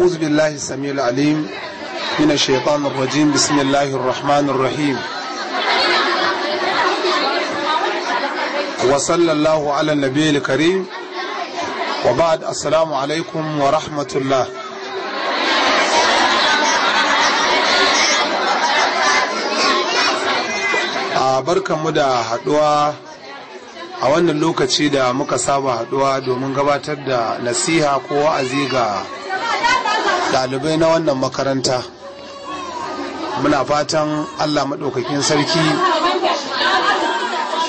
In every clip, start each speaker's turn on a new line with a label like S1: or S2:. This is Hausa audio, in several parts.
S1: أعوذ بالله السميع العليم من الشيطان الرجيم بسم الله الرحمن الرحيم وصلى الله على النبي الكريم وبعد السلام عليكم ورحمة الله barkanmu da haduwa a wannan lokaci da muka saba haduwa domin gabatar da nasiha ko wa'azi ga Dalibai na wannan makaranta muna fatan allah maɗaukakin sarki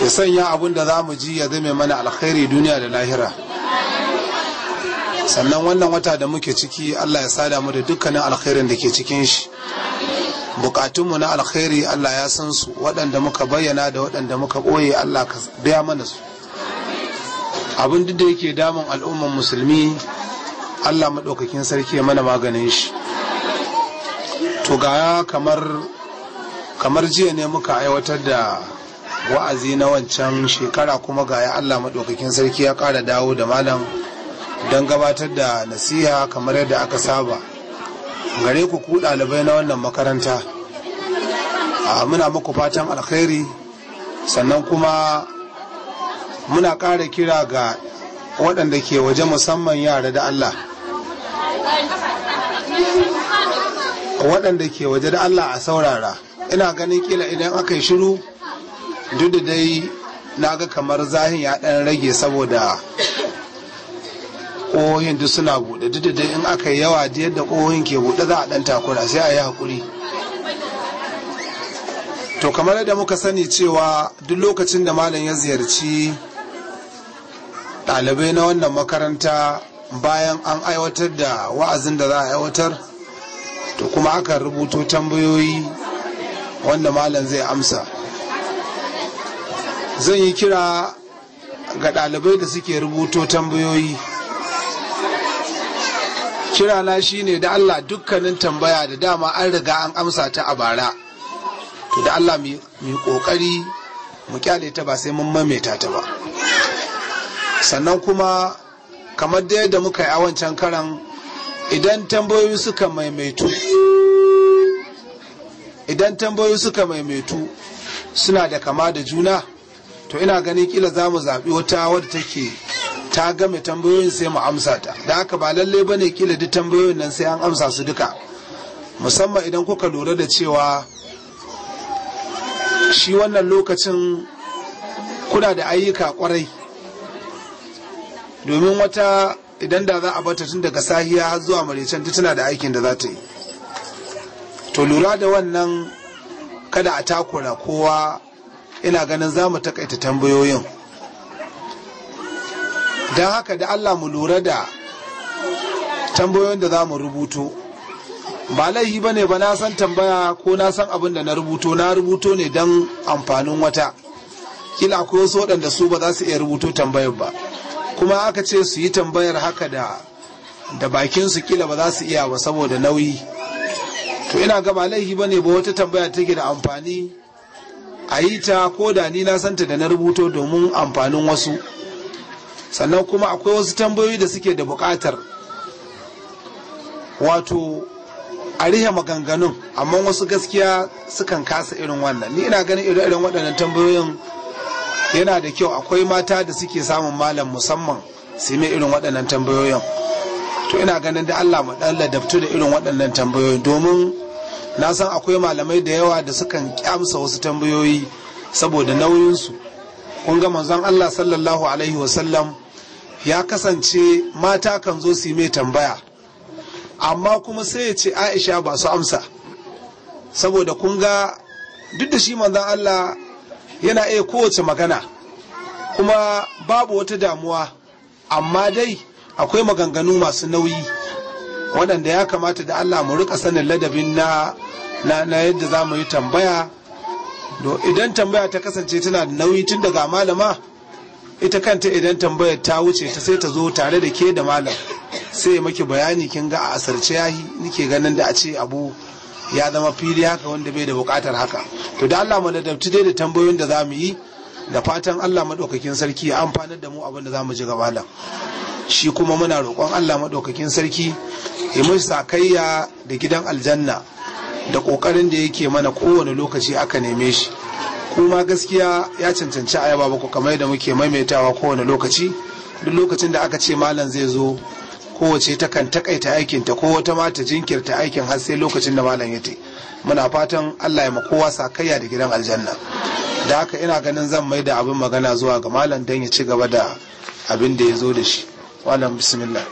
S1: ya sanya abin da za mu ji ya zame mana alkhairi duniya da lahira sannan wannan wata da muke ciki allah ya sada mu da dukkanin alkhairin da ke cikin shi bukatunmu na alkhairi allah ya san su waɗanda muka bayyana da waɗanda muka ɓoye allah ka biya mana su abin duk da yake damun al'ummar musulmi Allah maɗaukakin sarki ya mana maganin shi to ga kamar kamar jiya ne muka aiwatar da wa'azi na wancan shekara kuma ga Allah maɗaukakin sarki ya ƙara dawo da malam don gabatar da nasiha kamar yadda aka saba gare ku ku ɗalibai na wannan makaranta muna muku fatan alkhairi sannan kuma muna ƙara kira ga waɗanda ke waje musamman yara da Allah waɗanda ke waje da Allah a saurara ina ganin kila idan aka yi shiru duk da dai na ga kamar zahin ya ɗan rage saboda ƙohohin duk suna buɗe duk da dai in aka yi yawa da yadda ƙohohin ke buɗe za a ɗan takura sai a yi haƙuri to kamar yadda muka sani cewa duk lokacin da malam ya ziyarci ɗalibai na wannan makaranta bayan an aiwatar da wa'azin da za a aiwatar to kuma aka rubuto tambayoyi wanda malam zai amsa zan yi kira ga ɗalibai da suke rubuto tambayoyi kira na ne da Allah dukkanin tambaya da dama an riga an amsa ta a bara to da Allah mu kokari mu kyale ta ba sai mun mameta ta ba sannan kuma kamar da yadda muka yi a wancan karan idan tambayoyi suka maimaitu idan tambayoyi suka maimaitu suna da kama da juna to ina ganin kila za mu zaɓi wata wadda take ta game tambayoyin sai mu amsa ta da haka ba lalle ba ne kila duk tambayoyin nan sai an amsa su duka musamman idan kuka lura da cewa shi wannan lokacin kuna da ayyuka kwarai domin wata idan da za a bata tun daga sahiya har zuwa maraicen ta tana da aikin da za ta yi to lura da wannan kada a takura kowa ina ganin za mu takaita tambayoyin don haka da allah mu lura da tambayoyin da za mu rubuto ba laihi ba ne ba na san tambaya ko na san abin da na rubuto na rubuto ne don amfanin wata kila akwai wasu waɗanda su ba za su iya rubuto tambayar ba kuma aka ce su yi tambayar haka da da bakinsu kila ba za su iya ba saboda nauyi to ina ga ba laifi bane ba wata tambaya take da amfani a yi ta ko da ni na santa da na rubuto domin amfanin wasu sannan kuma akwai wasu tambayoyi da suke da buƙatar wato a rihe maganganun amma wasu gaskiya sukan kasa irin wannan ni ina ganin irin waɗannan tambayoyin yana da kyau akwai mata da suke samun malam musamman su mai irin waɗannan tambayoyin to ina ganin da Allah mu dan ladabtu da irin waɗannan tambayoyi domin na san akwai malamai da yawa da sukan kyamsa wasu tambayoyi saboda nauyinsu kun ga manzon Allah sallallahu alaihi wasallam ya kasance mata kan zo su mai tambaya amma kuma sai ya ce Aisha ba su amsa saboda kun ga duk da shi manzon Allah yana iya kowace magana kuma babu wata damuwa amma dai akwai maganganu masu nauyi waɗanda ya kamata da Allah mu rika sanin ladabin na na yadda za mu yi tambaya Do idan tambaya ta kasance tana da nauyi tun daga malama ita kanta idan tambayar ta wuce ta sai ta zo tare da ke da malam sai maki bayani kin ga a asarce yahi nike ganin da a ce abu ya zama fili haka wanda bai da bukatar haka to da Allah mu ladabci dai da tambayoyin da za mu yi da fatan Allah madaukakin sarki ya amfanar da mu abin da mu ji gabala shi kuma muna roƙon Allah madaukakin sarki ya mu sakayya da gidan aljanna da ƙoƙarin da yake mana kowane lokaci aka neme shi kuma gaskiya ya cancanci ayaba ba ku kamar da muke maimaitawa kowane lokaci duk lokacin da aka ce malam zai zo kowace takan takaita aikinta ko wata ma ta jinkirta aikin har sai lokacin da malam ya te muna fatan allah ya makowa sakayya da gidan aljanna da haka ina ganin zan mai da abin magana zuwa ga malam don ya ci gaba da abin da ya zo da shi wannan bismillah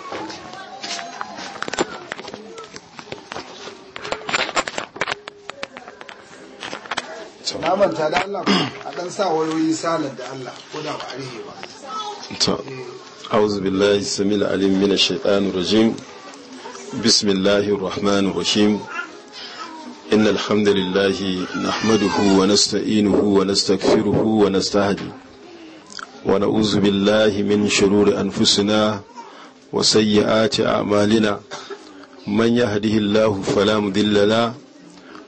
S1: na manta da allah a dan sa wayoyi da allah ko da ba a
S2: ba أعوذ بالله السميع العليم من الشيطان الرجيم بسم الله الرحمن الرحيم إن الحمد لله نحمده ونستعينه ونستغفره ونستهدي ونعوذ بالله من شرور أنفسنا وسيئات أعمالنا من يهده الله فلا مضل له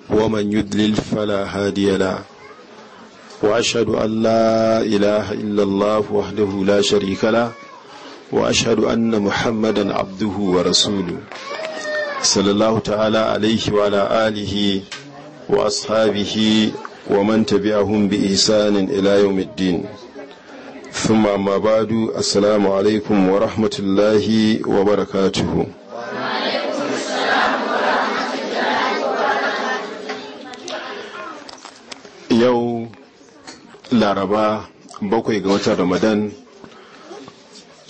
S2: ومن يدلل فلا هادي له وأشهد أن لا إله إلا الله وحده لا شريك له وأشهد أن محمدا عبده ورسوله صلى الله تعالى عليه وعلى آله وأصحابه ومن تبعهم بإحسان إلى يوم الدين ثم ما بعد السلام عليكم ورحمة الله وبركاته yau laraba bakwai ga watan ramadan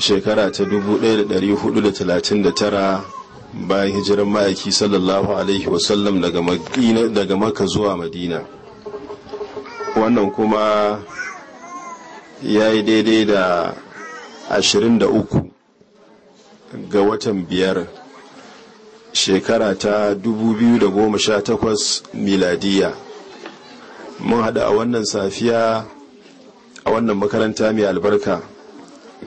S2: shekara ta 1439 bayan hijiran ma'aiki sallallahu alaihi wasallam daga maka zuwa madina wannan kuma ya yi daidai da 23 ga watan biyar shekara ta 2018 miladiya mun hada a wannan safiya a wannan makaranta mai albarka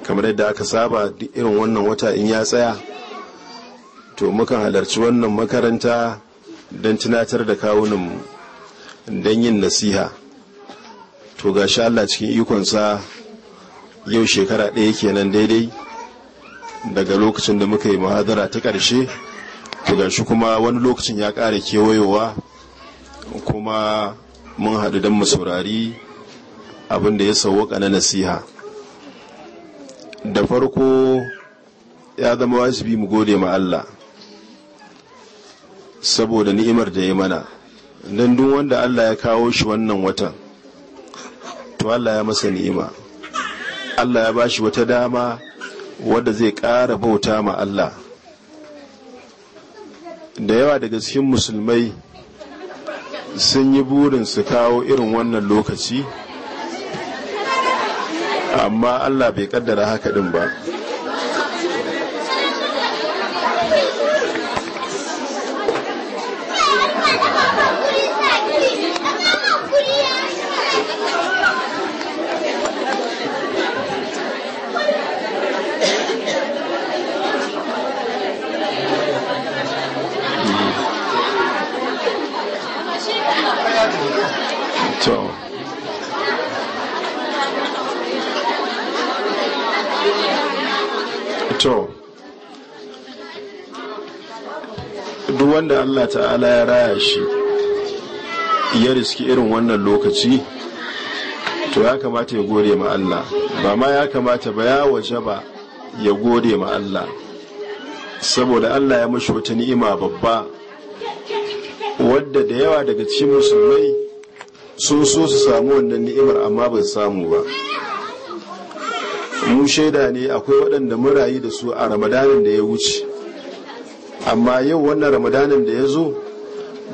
S2: kamar yadda aka saba duk irin wannan wata in ya tsaya to mukan halarci wannan makaranta don tunatar da kawuninmu don yin nasiha to ga Allah cikin ikonsa yau shekara ɗaya kenan daidai daga lokacin da muka yi muhadara ta ƙarshe to ga shi kuma wani lokacin ya ƙara kewayowa kuma mun haɗu don mu saurari abin da ya sauwaka na nasiha da farko ya zama wajibi mu gode ma Allah saboda ni'imar da ya mana don duk wanda Allah ya kawo shi wannan watan to Allah ya masa ni'ima Allah ya bashi wata dama wadda zai ƙara bauta ma Allah da yawa daga cikin musulmai sun yi burin su kawo irin wannan lokaci amma Allah bai kaddara haka din ba wanda Allah ta'ala ya raya shi ya riski irin wannan lokaci to ya kamata ya gode ma Allah ba ma ya kamata ba ya waje ba ya gode ma Allah saboda Allah ya mashi wata ni'ima babba wadda da yawa daga cikin musulmai sun so su samu wannan ni'imar amma ba samu ba mu shaida ne akwai waɗanda mun rayu da su a ramadanin da ya wuce amma yau wannan ramadanin da ya zo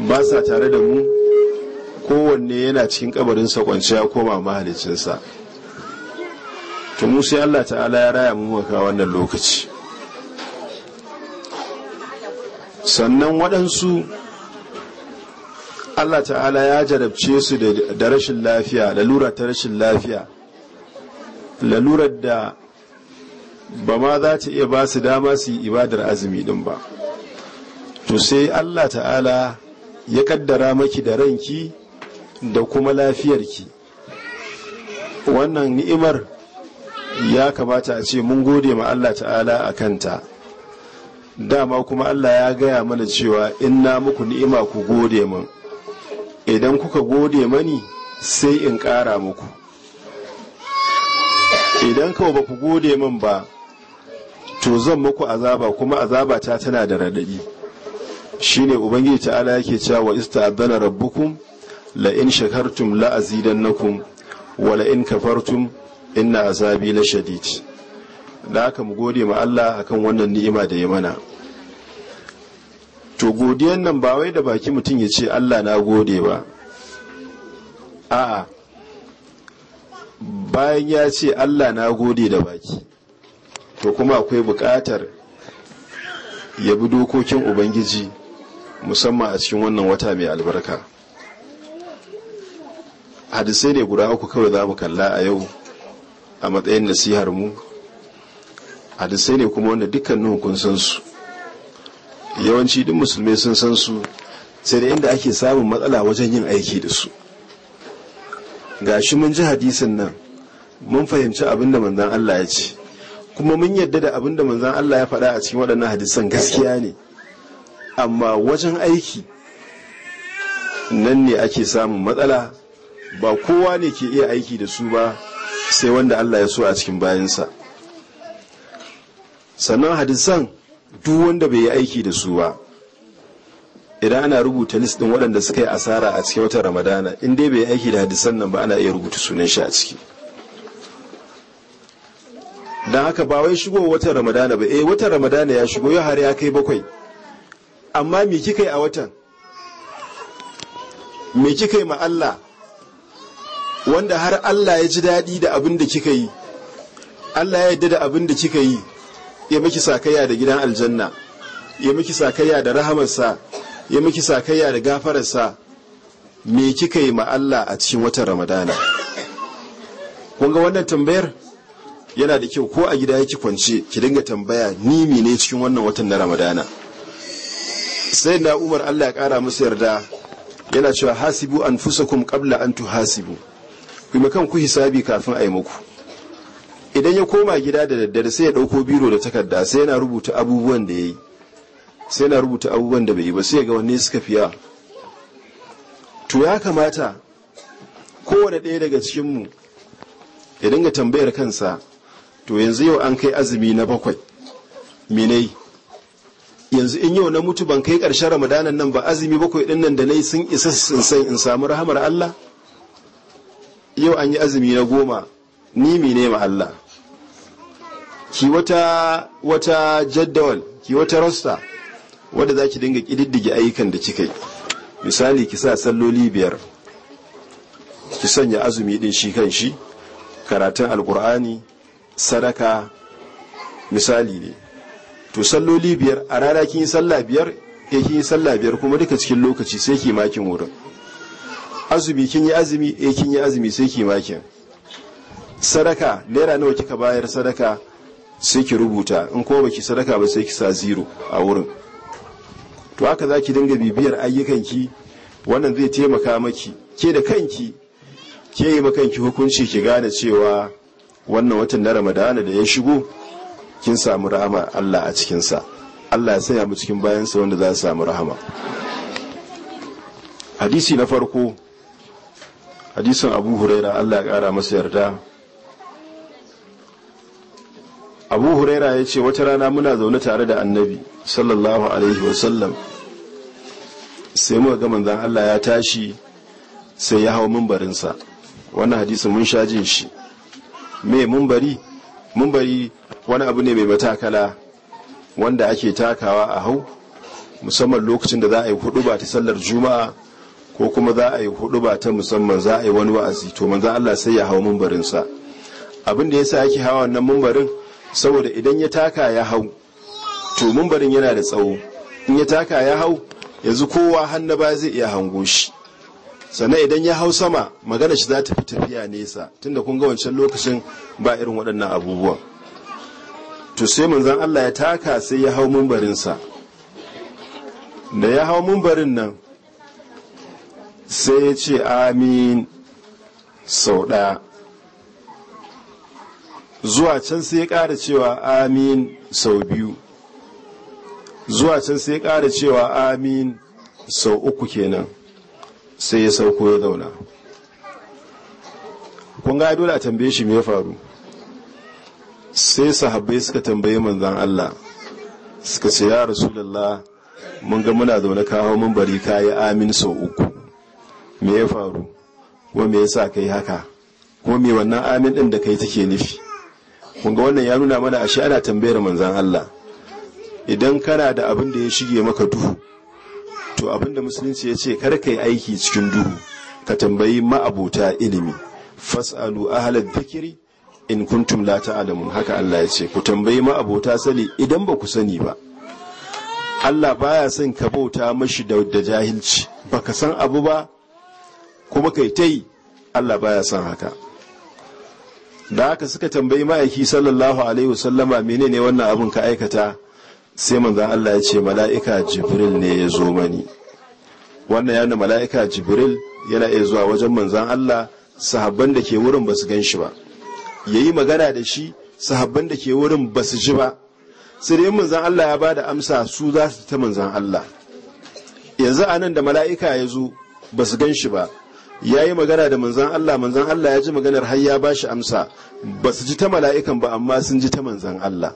S2: ba sa tare da mu kowanne yana cikin kabarin kwanci ya koma mahalicinsa ta musu sai Allah ta'ala ya raya mu maka wannan lokaci sannan waɗansu Allah ta'ala ya jarabce su da rashin lafiya lalura ta rashin lafiya lalurar da ba ma za ta iya ba su dama su yi ibadar azumi din ba to sai Allah ta'ala ya kaddara maki da ranki da kuma lafiyarki wannan ni'imar ya kamata a ce mun gode ma Allah ta'ala a kanta dama kuma Allah ya gaya mana cewa in na muku ni'ima ku gode mun idan kuka gode mani sai in ƙara muku idan kawai ba ku gode mun ba to zan muku azaba kuma azabata tana da raɗaɗi shine ubangiji ta'ala yake cewa wa ista'adana rabbukum la in shakartum la azidannakum wa la in kafartum inna azabi la shadid da haka mu gode ma Allah akan wannan ni'ima da ya mana to godiyan nan ba wai da baki mutum ya ce Allah na gode ba a'a bayan ya ce Allah na gode da baki to kuma akwai buƙatar ya bi dokokin ubangiji musamman a cikin wannan wata mai albarka hadisai ne guda uku kawai za mu kalla a yau a matsayin nasihar mu hadisai ne kuma wanda dukkanin kun san su yawanci duk musulmi sun san su sai da inda ake samun matsala wajen yin aiki da su Ga shi mun ji hadisin nan mun fahimci abinda da manzon Allah ya ce kuma mun yadda da abinda da Allah ya faɗa a cikin waɗannan hadisan gaskiya ne amma wajen aiki nan ne ake samun matsala ba kowa ne ke iya aiki da su ba sai wanda Allah ya so a cikin bayansa sannan hadisan duk wanda bai yi aiki da su ba idan ana rubuta list din waɗanda suka yi asara a cikin watan ramadana in dai bai aiki da hadisan nan ba ana iya rubuta sunan shi a ciki don haka ba wai shigo watan ramadana ba eh watan ramadana ya shigo ya har ya kai bakwai amma me kika yi a watan me kika yi ma Allah wanda har Allah ya ji daɗi da abin da kika yi Allah ya yarda da abin da kika yi ya miki sakayya da gidan aljanna ya miki sakayya da rahamarsa ya miki sakayya da gafararsa me kika yi ma Allah a cikin watan Ramadana kun ga wannan tambayar yana da kyau ko a gida yake kwance ki dinga tambaya ni ne cikin wannan watan na Ramadana sai na umar allah ya kara musu yarda yana cewa hasibu an fusakum kabla an tu hasibu kuma kan ku hisabi kafin a yi muku idan ya koma gida da daddare sai ya dauko biro da takarda sai yana rubuta abubuwan da ya yi sai yana rubuta abubuwan da bai yi ba sai ga wanne suka fiya to ya kamata kowane ɗaya daga cikinmu ya dinga tambayar kansa to yanzu yau an kai azumi na bakwai minai yanzu in yau na mutu ban kai ƙarshen ramadanan nan ba azumi bakwai ɗin nan da na yi sun isa sun in samu rahamar Allah yau an yi azumi na goma ni ne ma Allah ki wata wata jaddawal ki wata rasta, wadda za ki dinga ƙididdige ayyukan da kika yi misali ki sa salloli biyar ki sanya azumi ɗin shi kan shi karatun alkur'ani sadaka misali ne to salloli biyar a rana kin yi sallah biyar eh kin yi sallah biyar kuma duka cikin lokaci sai ki makin wurin azumi kin yi azumi eh kin yi azumi sai ki makin sadaka naira nawa kika bayar sadaka sai ki rubuta in ko baki sadaka ba sai ki sa zero a wurin to haka za ki dinga bibiyar ayyukanki wannan zai taimaka maki ke da kanki ke yi makanki hukunci ki gane cewa wannan watan na ramadana da ya shigo kin samu rahama Allah a cikinsa Allah ya sanya mu cikin bayansa wanda za su samu rahama hadisi na farko hadisin abu huraira Allah ya kara masa yarda abu huraira ya ce wata rana muna zaune tare da annabi sallallahu alaihi wasallam sai muka ga manzan Allah ya tashi sai ya hau mimbarinsa. wannan hadisin mun sha jin shi me mumbari mumbari wani abu ne mai matakala wanda ake takawa a hau musamman lokacin da za a yi hudu ba ta sallar juma'a ko kuma za a yi hudu ba ta musamman za a yi wani wa'azi to za Allah sai ya hau mumbarinsa abin da yasa ake hawa wannan mumbarin saboda idan ya taka ya hau to mumbarin yana da tsawo in ya taka ya hau yanzu kowa hannu ba zai iya hango shi sannan idan ya hau sama magana shi za ta fi tafiya nesa tunda kun ga wancan lokacin ba irin waɗannan abubuwan to sai manzon Allah ya taka sai ya hau mumbarinsa da ya hau mumbarin nan sai ya ce amin sau ɗaya zuwa can sai ya ƙara cewa amin sau biyu zuwa can sai ya ƙara cewa amin sau uku kenan sai ya sauko ya zauna kun ga dole a tambaye shi me ya faru sai sahabbai suka tambaye manzan Allah suka ce ya rasulullah mun ga muna zaune kawo mun bari yi amin sau uku me ya faru kuma me ya yasa kai haka kuma me wannan amin ɗin da kai take nufi kun ga wannan ya nuna mana ashe ana tambayar manzan Allah idan kana da abin da ya shige maka duhu to abin da musulunci ya ce kar ka yi aiki cikin duhu ka tambayi ma'abota ilimi fasalu ahlal dhikri in kuntum la ta'lamun haka Allah ya ce ku tambayi ma abota sali idan ba ku sani ba Allah baya son ka bauta mashi da, da jahilci baka san abu ba kuma kai tai Allah baya son haka da haka suka tambayi ma'aiki sallallahu alaihi wasallama menene wannan abun ka aikata sai manzon Allah ya ce mala'ika jibril ne ya zo mani wannan yana mala'ika jibril yana iya zuwa wajen manzon Allah sahabban da ke wurin ba su gan shi ba ya yi magana da shi sahabban da ke wurin ba su ji ba sai dai manzan Allah ya ba da amsa su za su ta manzan Allah yanzu a nan da mala'ika ya zo ba su gan shi ba ya yi magana da manzan Allah manzan Allah ya ji maganar har ya ba shi amsa ba su ji ta mala'ikan ba amma sun ji ta manzan Allah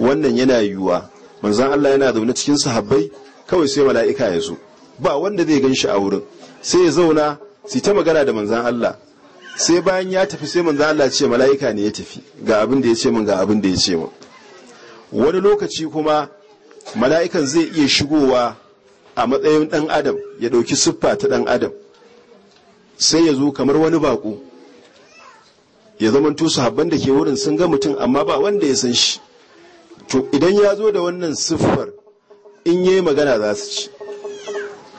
S2: wannan yana yiwuwa manzan Allah yana zaune cikin sahabbai kawai sai mala'ika ya zo ba wanda zai gan shi a wurin sai ya zauna su ta magana da manzan Allah sai bayan ya tafi sai manzo Allah ce mala'ika ne ya tafi ga abin da ya ce min ga abin da ya ce min wani lokaci kuma mala'ikan zai iya shigowa a matsayin dan adam ya dauki siffa ta dan adam sai ya zo kamar wani bako ya zamanto habban da ke wurin sun ga mutum amma ba wanda ya san shi to idan ya zo da wannan siffar in yayi magana za su ci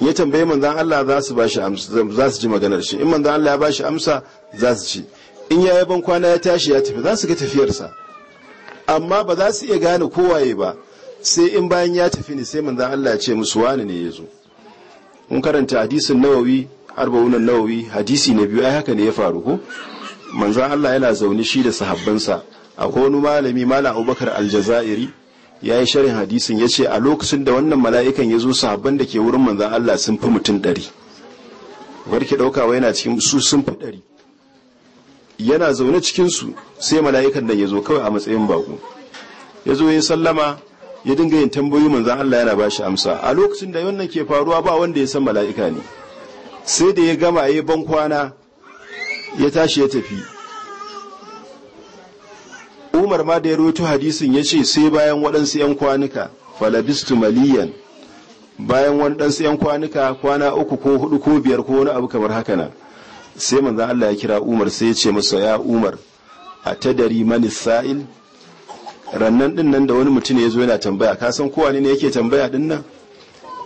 S2: ya tambayi manzan Allah za su bashi amsa za su ji maganar shi in manzan Allah ya ba shi amsa za su ci in ya yi bankwana ya tashi ya tafi za su ga tafiyarsa amma ba za su iya gane kowaye ba sai in bayan ya tafi ne sai manzan Allah ya ce musu wani ne ya zo mun karanta hadisin nawawi arba'unan nawawi hadisi na biyu ai haka ne ya faru ko manzan Allah yana zaune shi da sahabbansa akwai wani malami malam Abubakar Aljazairi ya yi shirin hadisin ya ce a lokacin da wannan mala'ikan ya zo sahabban da ke wurin manzan Allah sun fi mutum ɗari warke ɗaukawa yana cikin su sun fi ɗari yana zaune cikinsu sai mala'ikan nan ya zo kawai a matsayin baƙo ya zo ya sallama ya dinga yin tambayi manzan Allah yana ba shi amsa a lokacin da wannan ke faruwa ba wanda ya san mala'ika ne sai da ya gama ya ban kwana ya tashi ya tafi umar ma da ya roto hadisin ya ce sai bayan waɗansu 'yan kwanuka falabistu maliyan bayan waɗansu 'yan kwanuka kwana uku ko hudu ko biyar ko wani abu kamar haka na sai manzan Allah ya kira umar sai ya ce masa ya umar a Manisa'il. sa'il rannan din nan da wani mutum ya zo yana tambaya ka san kowa ne yake tambaya din nan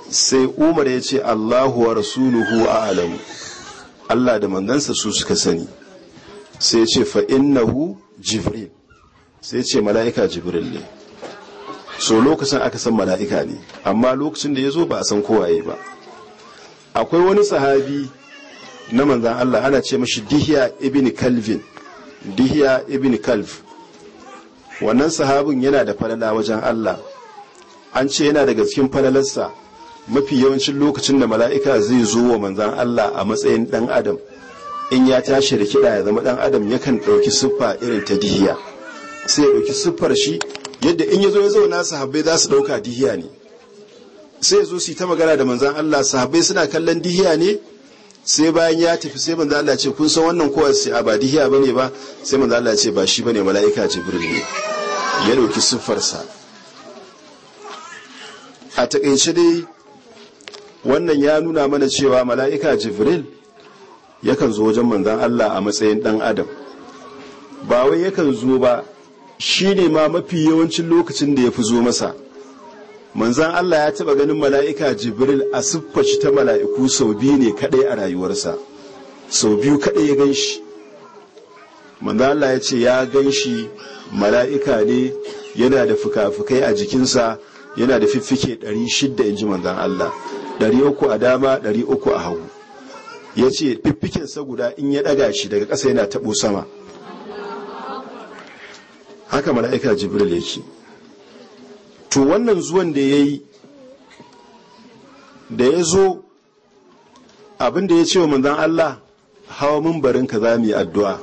S2: sai umar ya ce Allahu wa rasuluhu a'lamu Allah da manzansa su suka sani sai ya fa innahu jibril sai ce mala'ika jibril ne so lokacin aka san mala'ika ne amma lokacin da ya zo ba a san kowaye ba akwai wani sahabi na manzan Allah ana ce mashi dihiya ibn calvin dihiya ibn calv wannan sahabin yana da falala wajen Allah an ce yana daga cikin falalarsa mafi yawancin lokacin da mala'ika zai zo wa manzan Allah a matsayin dan adam in ya tashi da kiɗa ya zama dan adam yakan ɗauki siffa irin ta dihiya sai ya ɗauki siffar shi yadda in ya zo ya zauna sahabbai za su ɗauka dihiya ne sai ya zo su yi ta magana da manzan Allah sahabbai suna kallon dihiya ne sai bayan ya tafi sai manzan Allah ce kun san wannan kowa sai a ba dihiya bane ba sai manzan Allah ce ba shi bane mala'ika jibril ne ya ɗauki siffarsa a takaice dai wannan ya nuna mana cewa mala'ika jibril yakan zo wajen manzan Allah a matsayin dan adam ba wai yakan zo ba shi ne ma mafi yawancin lokacin da ya fi zo masa manzan Allah ya taɓa ganin mala'ika jibril a siffaci ta mala'iku sau biyu ne kaɗai a rayuwarsa sau biyu kaɗai ya gan shi manzan Allah ya ce ya gan shi mala'ika ne yana da fuka-fukai a jikinsa yana da fiffike 600 in ji manzan Allah 300 a dama 300 a hagu ya ce fiffikensa guda in ya ɗaga shi daga ƙasa yana taɓo sama haka mala'ika jibril ya ce, to wannan zuwan da ya yi da ya zo abin da ya ce wa manzan Allah hawa barin ka za mu yi addu'a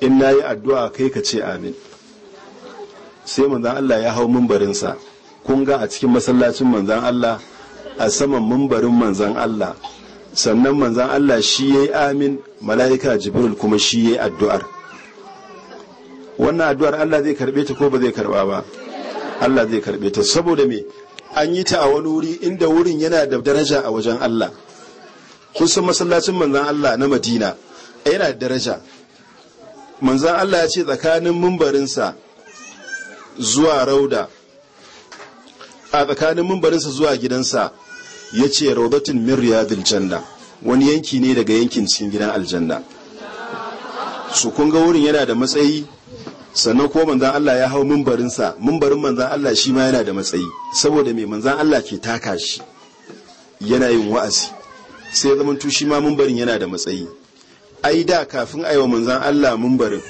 S2: in na yi addu'a kai ka ce amin sai manzan Allah ya hau barinsa kun ga a cikin masallacin manzan Allah a saman mun barin manzan Allah sannan manzan Allah shi ya yi amin mala'ika jibril kuma shi ya yi addu'ar wannan addu'ar Allah zai karbe ta ko ba zai karba ba Allah zai karbe ta saboda me an yi ta a wani wuri inda wurin yana da daraja a wajen Allah kusan masallacin manzan Allah na Madina yana da daraja manzan Allah ya ce tsakanin mumbarinsa zuwa rauda a tsakanin mumbarinsa zuwa gidansa ya ce raudatin min riyadil janna wani yanki ne daga yankin cikin gidan aljanna su kun ga wurin yana da matsayi sannan ko manzan Allah ya hau mimbarinsa mimbarin manzan Allah shi ma yana da matsayi saboda mai manzan Allah ke taka shi yana yin wa'azi sai zaman shi ma mimbarin yana da matsayi ai da kafin aiwa manzan Allah mimbarin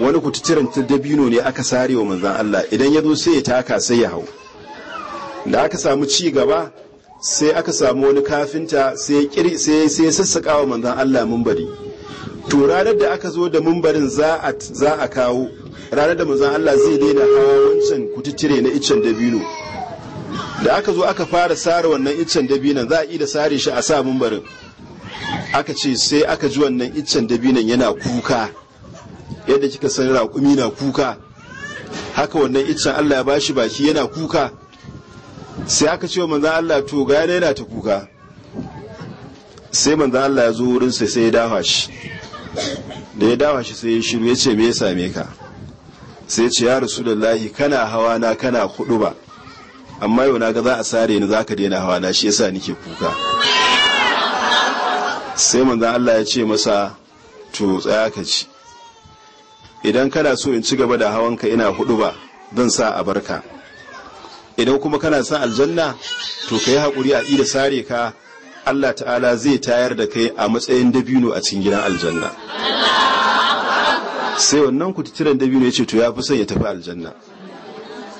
S2: wani kututturen dabino ne aka sare wa manzan Allah idan ya zo sai ya taka sai ya hau da aka samu ci gaba sai aka samu wani kafinta sai ya sassaƙa wa manzan Allah mumbari to ranar da aka zo da mumbarin za a kawo ranar da manzon Allah zai daina hawa wancan kututure na iccen dabino da aka zo aka fara sare wannan iccen dabinan za a yi da sare shi a sa mumbarin aka ce sai aka ji wannan iccen dabinan yana kuka yadda kika san raƙumi na kuka haka wannan iccen Allah ya bashi baki yana kuka sai aka ce wa manzan Allah to ga yana yana ta kuka sai manzan Allah ya zo wurin sai sai ya dawa shi da ya dawa shi sai ya shiru ya ce me ya same ka sai ce ya rasu lallahi kana hawa na kana kudu ba amma yau na ga za a sare ni za ka daina hawa na shi yasa nike kuka sai manzan Allah ya ce masa to tsaya ka ci idan kana so in ci gaba da hawan ka ina hudu ba zan sa a barka idan kuma kana sa aljanna to ka yi haƙuri a ida sare ka Allah ta'ala zai tayar da kai a matsayin dabino a cikin gidan aljanna sai wannan kututturen dabino ya ce to ya fi son ya tafi aljanna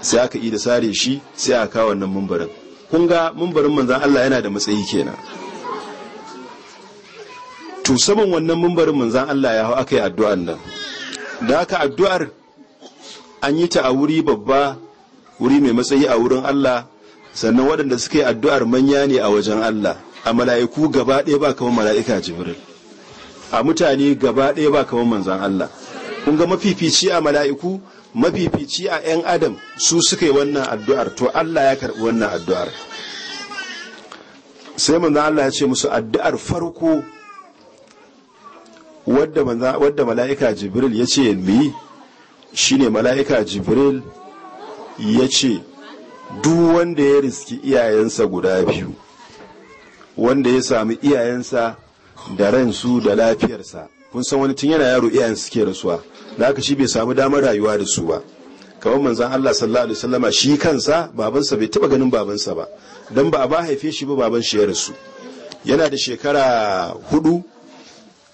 S2: sai aka yi da sare shi sai aka kawo wannan mumbarin kun ga mumbarin manzan Allah yana da matsayi kenan to saman wannan mumbarin manzan Allah ya hau aka yi addu'ar nan da aka addu'ar an yi ta a wuri babba wuri mai matsayi a wurin Allah sannan waɗanda suka yi addu'ar manya ne a wajen Allah a mala'iku gaba ɗaya ba kamar mala'ika jibril a mutane gaba ɗaya ba kamar manzan Allah kun ga mafifici a mala'iku mafifici a 'yan adam su suka yi wannan addu'ar to Allah ya karɓi wannan addu'ar sai manzan Allah ya ce musu addu'ar farko wadda mala'ika jibril ya ce yi shi ne mala'ika jibril ya ce duk wanda ya riski iyayensa guda biyu wanda ya sami iyayensa da ransu da lafiyarsa kun san wani tun yana yaro iyayen suke rasuwa da aka shi bai samu damar rayuwa da su ba kamar manzan Allah sallallahu alaihi wasallama shi kansa babansa bai taba ganin babansa ba dan ba a ba haife shi ba baban shi ya rasu yana da shekara hudu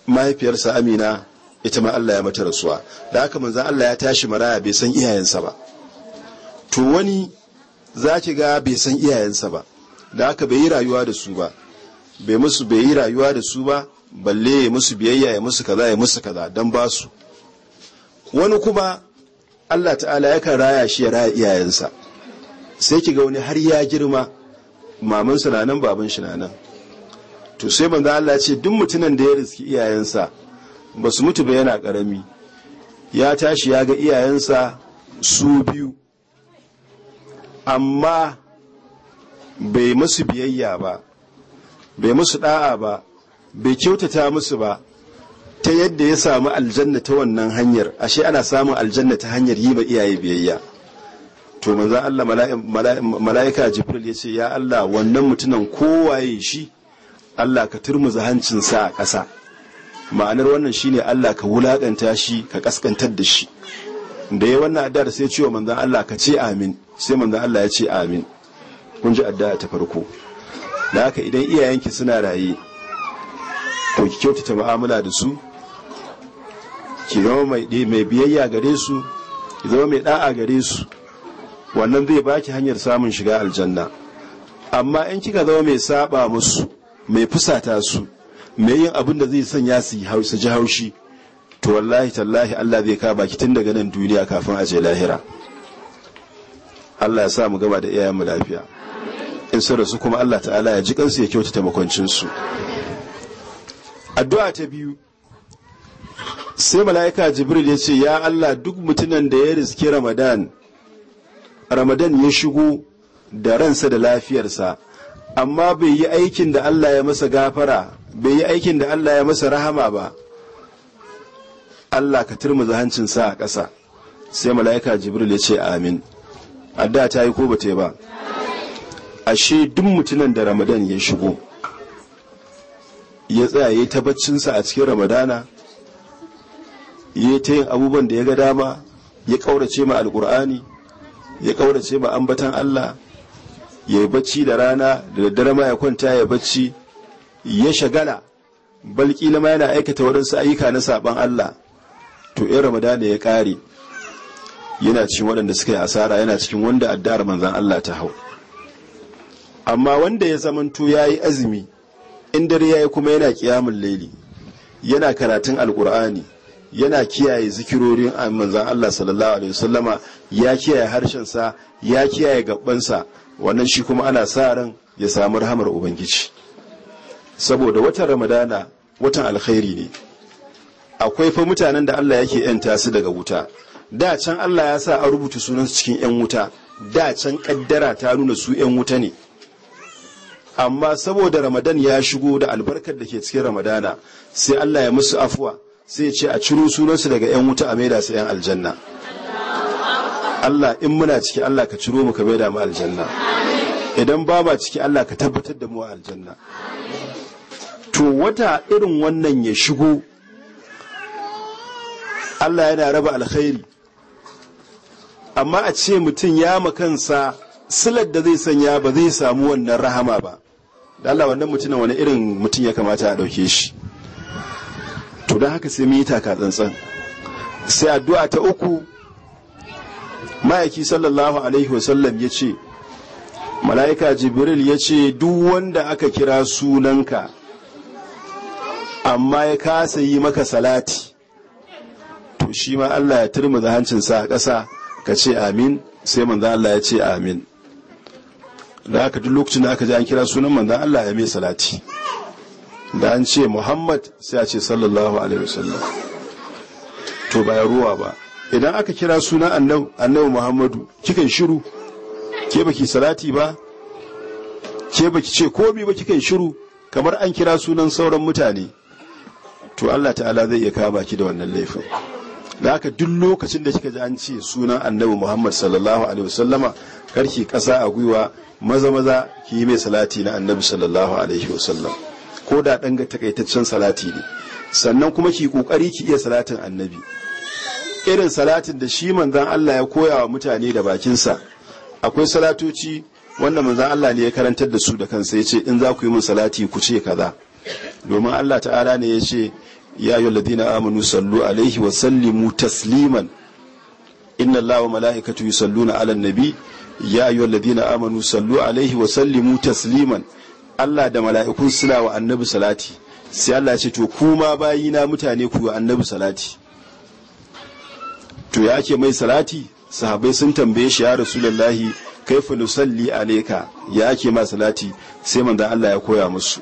S2: mahaifiyarsa Amina ita ma Allah ya mata rasuwa da haka manzan Allah ya tashi maraya bai san iyayensa ba to wani za ki ga bai san iyayensa ba da haka bai yi rayuwa da su ba bai musu bai yi rayuwa da su ba balle ya musu biyayya ya musu kaza ya musu kaza don ba su wani kuma Allah ta'ala ya kan raya shi ya raya iyayensa sai ki ga wani har ya girma mamansa na nan baban shi na nan to sai manzo Allah ce duk mutumin da ya riski iyayensa ba su mutu ba yana karami ya tashi ya ga iyayensa su biyu amma bai musu biyayya ba bai musu da'a ba bai kyautata musu ba ta yadda ya samu aljanna ta wannan hanyar ashe ana samun aljanna ta hanyar yi ba iyaye biyayya to manzan Allah mala'ika jibril ya ce ya Allah wannan mutunan kowaye shi Allah ka turmuza zahancinsa a ƙasa ma'anar wannan shine Allah ka wulakanta shi ka ƙaskantar da shi da ya wannan addu'ar sai cewa manzan Allah ka ce amin sai manzan Allah ya ce amin kun ji addu'a ta farko da haka idan iyayenki suna raye to ki kyautata mu'amala da su ki zama mai biyayya gare su ki zama mai da'a gare su wannan zai baki hanyar samun shiga aljanna amma in kika zama mai saba musu mai fusata su mai yin abin da zai sanya su hausa ji haushi to wallahi tallahi Allah zai ka baki tun daga nan duniya kafin a je lahira Allah ya sa mu gaba da iyayen mu lafiya in sun kuma Allah ta'ala ya ji kansu ya kyautata makwancin addu'a ta biyu sai mala'ika jibril ya ce ya Allah duk mutunan da ya riske ramadan ramadan ya shigo da ransa da lafiyarsa amma bai yi aikin da Allah ya masa gafara bai yi aikin da Allah ya masa rahama ba Allah ka turmuza hancinsa a ƙasa sai mala'ika jibril ya ce amin addu'a ta yi ko ba ta yi ba ashe duk mutunan da ramadan ya shigo ya tsaya ya ta baccinsa a cikin ramadana ya ta yin abubuwan da ya ga dama ya ƙaurace ma alƙur'ani ya ƙaurace ma ambatan allah ya yi bacci da rana da daddare ma ya kwanta ya bacci ya shagala balƙila ma yana aikata waɗansu ayyuka na saɓan allah to in ramadana ya ƙare yana cikin waɗanda suka yi asara yana cikin wanda addu'ar manzan allah ta hau amma wanda ya zamanto ya yi azumi in dare ya yi kuma yana kiyamun laili yana karatun alkur'ani yana kiyaye zikirorin manzan Allah sallallahu alaihi wasallama ya kiyaye harshensa ya kiyaye gabansa wannan shi kuma ana sa ran ya samu rahamar ubangiji saboda watan ramadana watan alkhairi ne akwai fa mutanen da Allah yake yanta su daga wuta da can Allah ya sa a rubuta sunan cikin yan wuta da can kaddara ta nuna su yan wuta ne amma saboda ramadan ya shigo da albarkar da ke cikin ramadana sai Allah ya musu afuwa sai ya ce a ciro sunansu daga 'yan wuta a maida su 'yan aljanna Allah in muna ciki Allah ka ciro mu ka maida mu aljanna idan ba ma ciki Allah ka tabbatar da mu a aljanna to wata irin wannan ya shigo Allah yana raba alkhairi amma a ce mutum ya makansa silar da zai sanya ba zai samu wannan rahama ba da Allah wannan mutumin wani irin mutum ya kamata a ɗauke shi to don haka sai mu yi tsantsan sai addu'a ta uku ma'aiki sallallahu alaihi wasallam ya ce mala'ika jibril ya ce duk wanda aka kira sunanka amma ya kasa yi maka salati to shi ma allah ya turmuza hancinsa a ƙasa ka ce amin sai manzo allah ya ce amin da aka duk lokacin da aka ji an kira sunan manzon Allah ya mai salati da an ce Muhammad sai a ce sallallahu alaihi wasallam to ba ya ruwa ba idan aka kira sunan annabi Muhammadu kikan shiru ke baki salati ba ke baki ce komai ba kikan shiru kamar an kira sunan sauran mutane to Allah ta'ala zai iya kama ki da wannan laifin da haka duk lokacin da kika ji an ce sunan annabi muhammad sallallahu alaihi wasallama karki kasa a gwiwa maza maza ki yi mai salati na annabi sallallahu alaihi wasallam ko da dan ga takaitaccen salati ne sannan kuma ki kokari ki iya salatin annabi irin salatin da shi manzon Allah ya koya wa mutane da bakinsa akwai salatoci wanda manzon Allah ne ya karantar da su da kansa ya ce in za ku yi min salati ku ce kaza domin Allah ta'ala ne ya ce ya ayyuhal ladina amanu sallu alaihi wa mu tasliman inna allaha wa malaikatahu yusalluna ala nabi ya ayyuhal ladina amanu sallu alaihi wa mu tasliman Allah da mala'ikun suna wa annabi salati sai Allah ce to kuma bayina mutane ku wa annabi salati to ya ke mai salati sahabai sun tambaye shi ya rasulullahi kaifa nusalli alayka ya ake ma salati sai manza Allah ya koya musu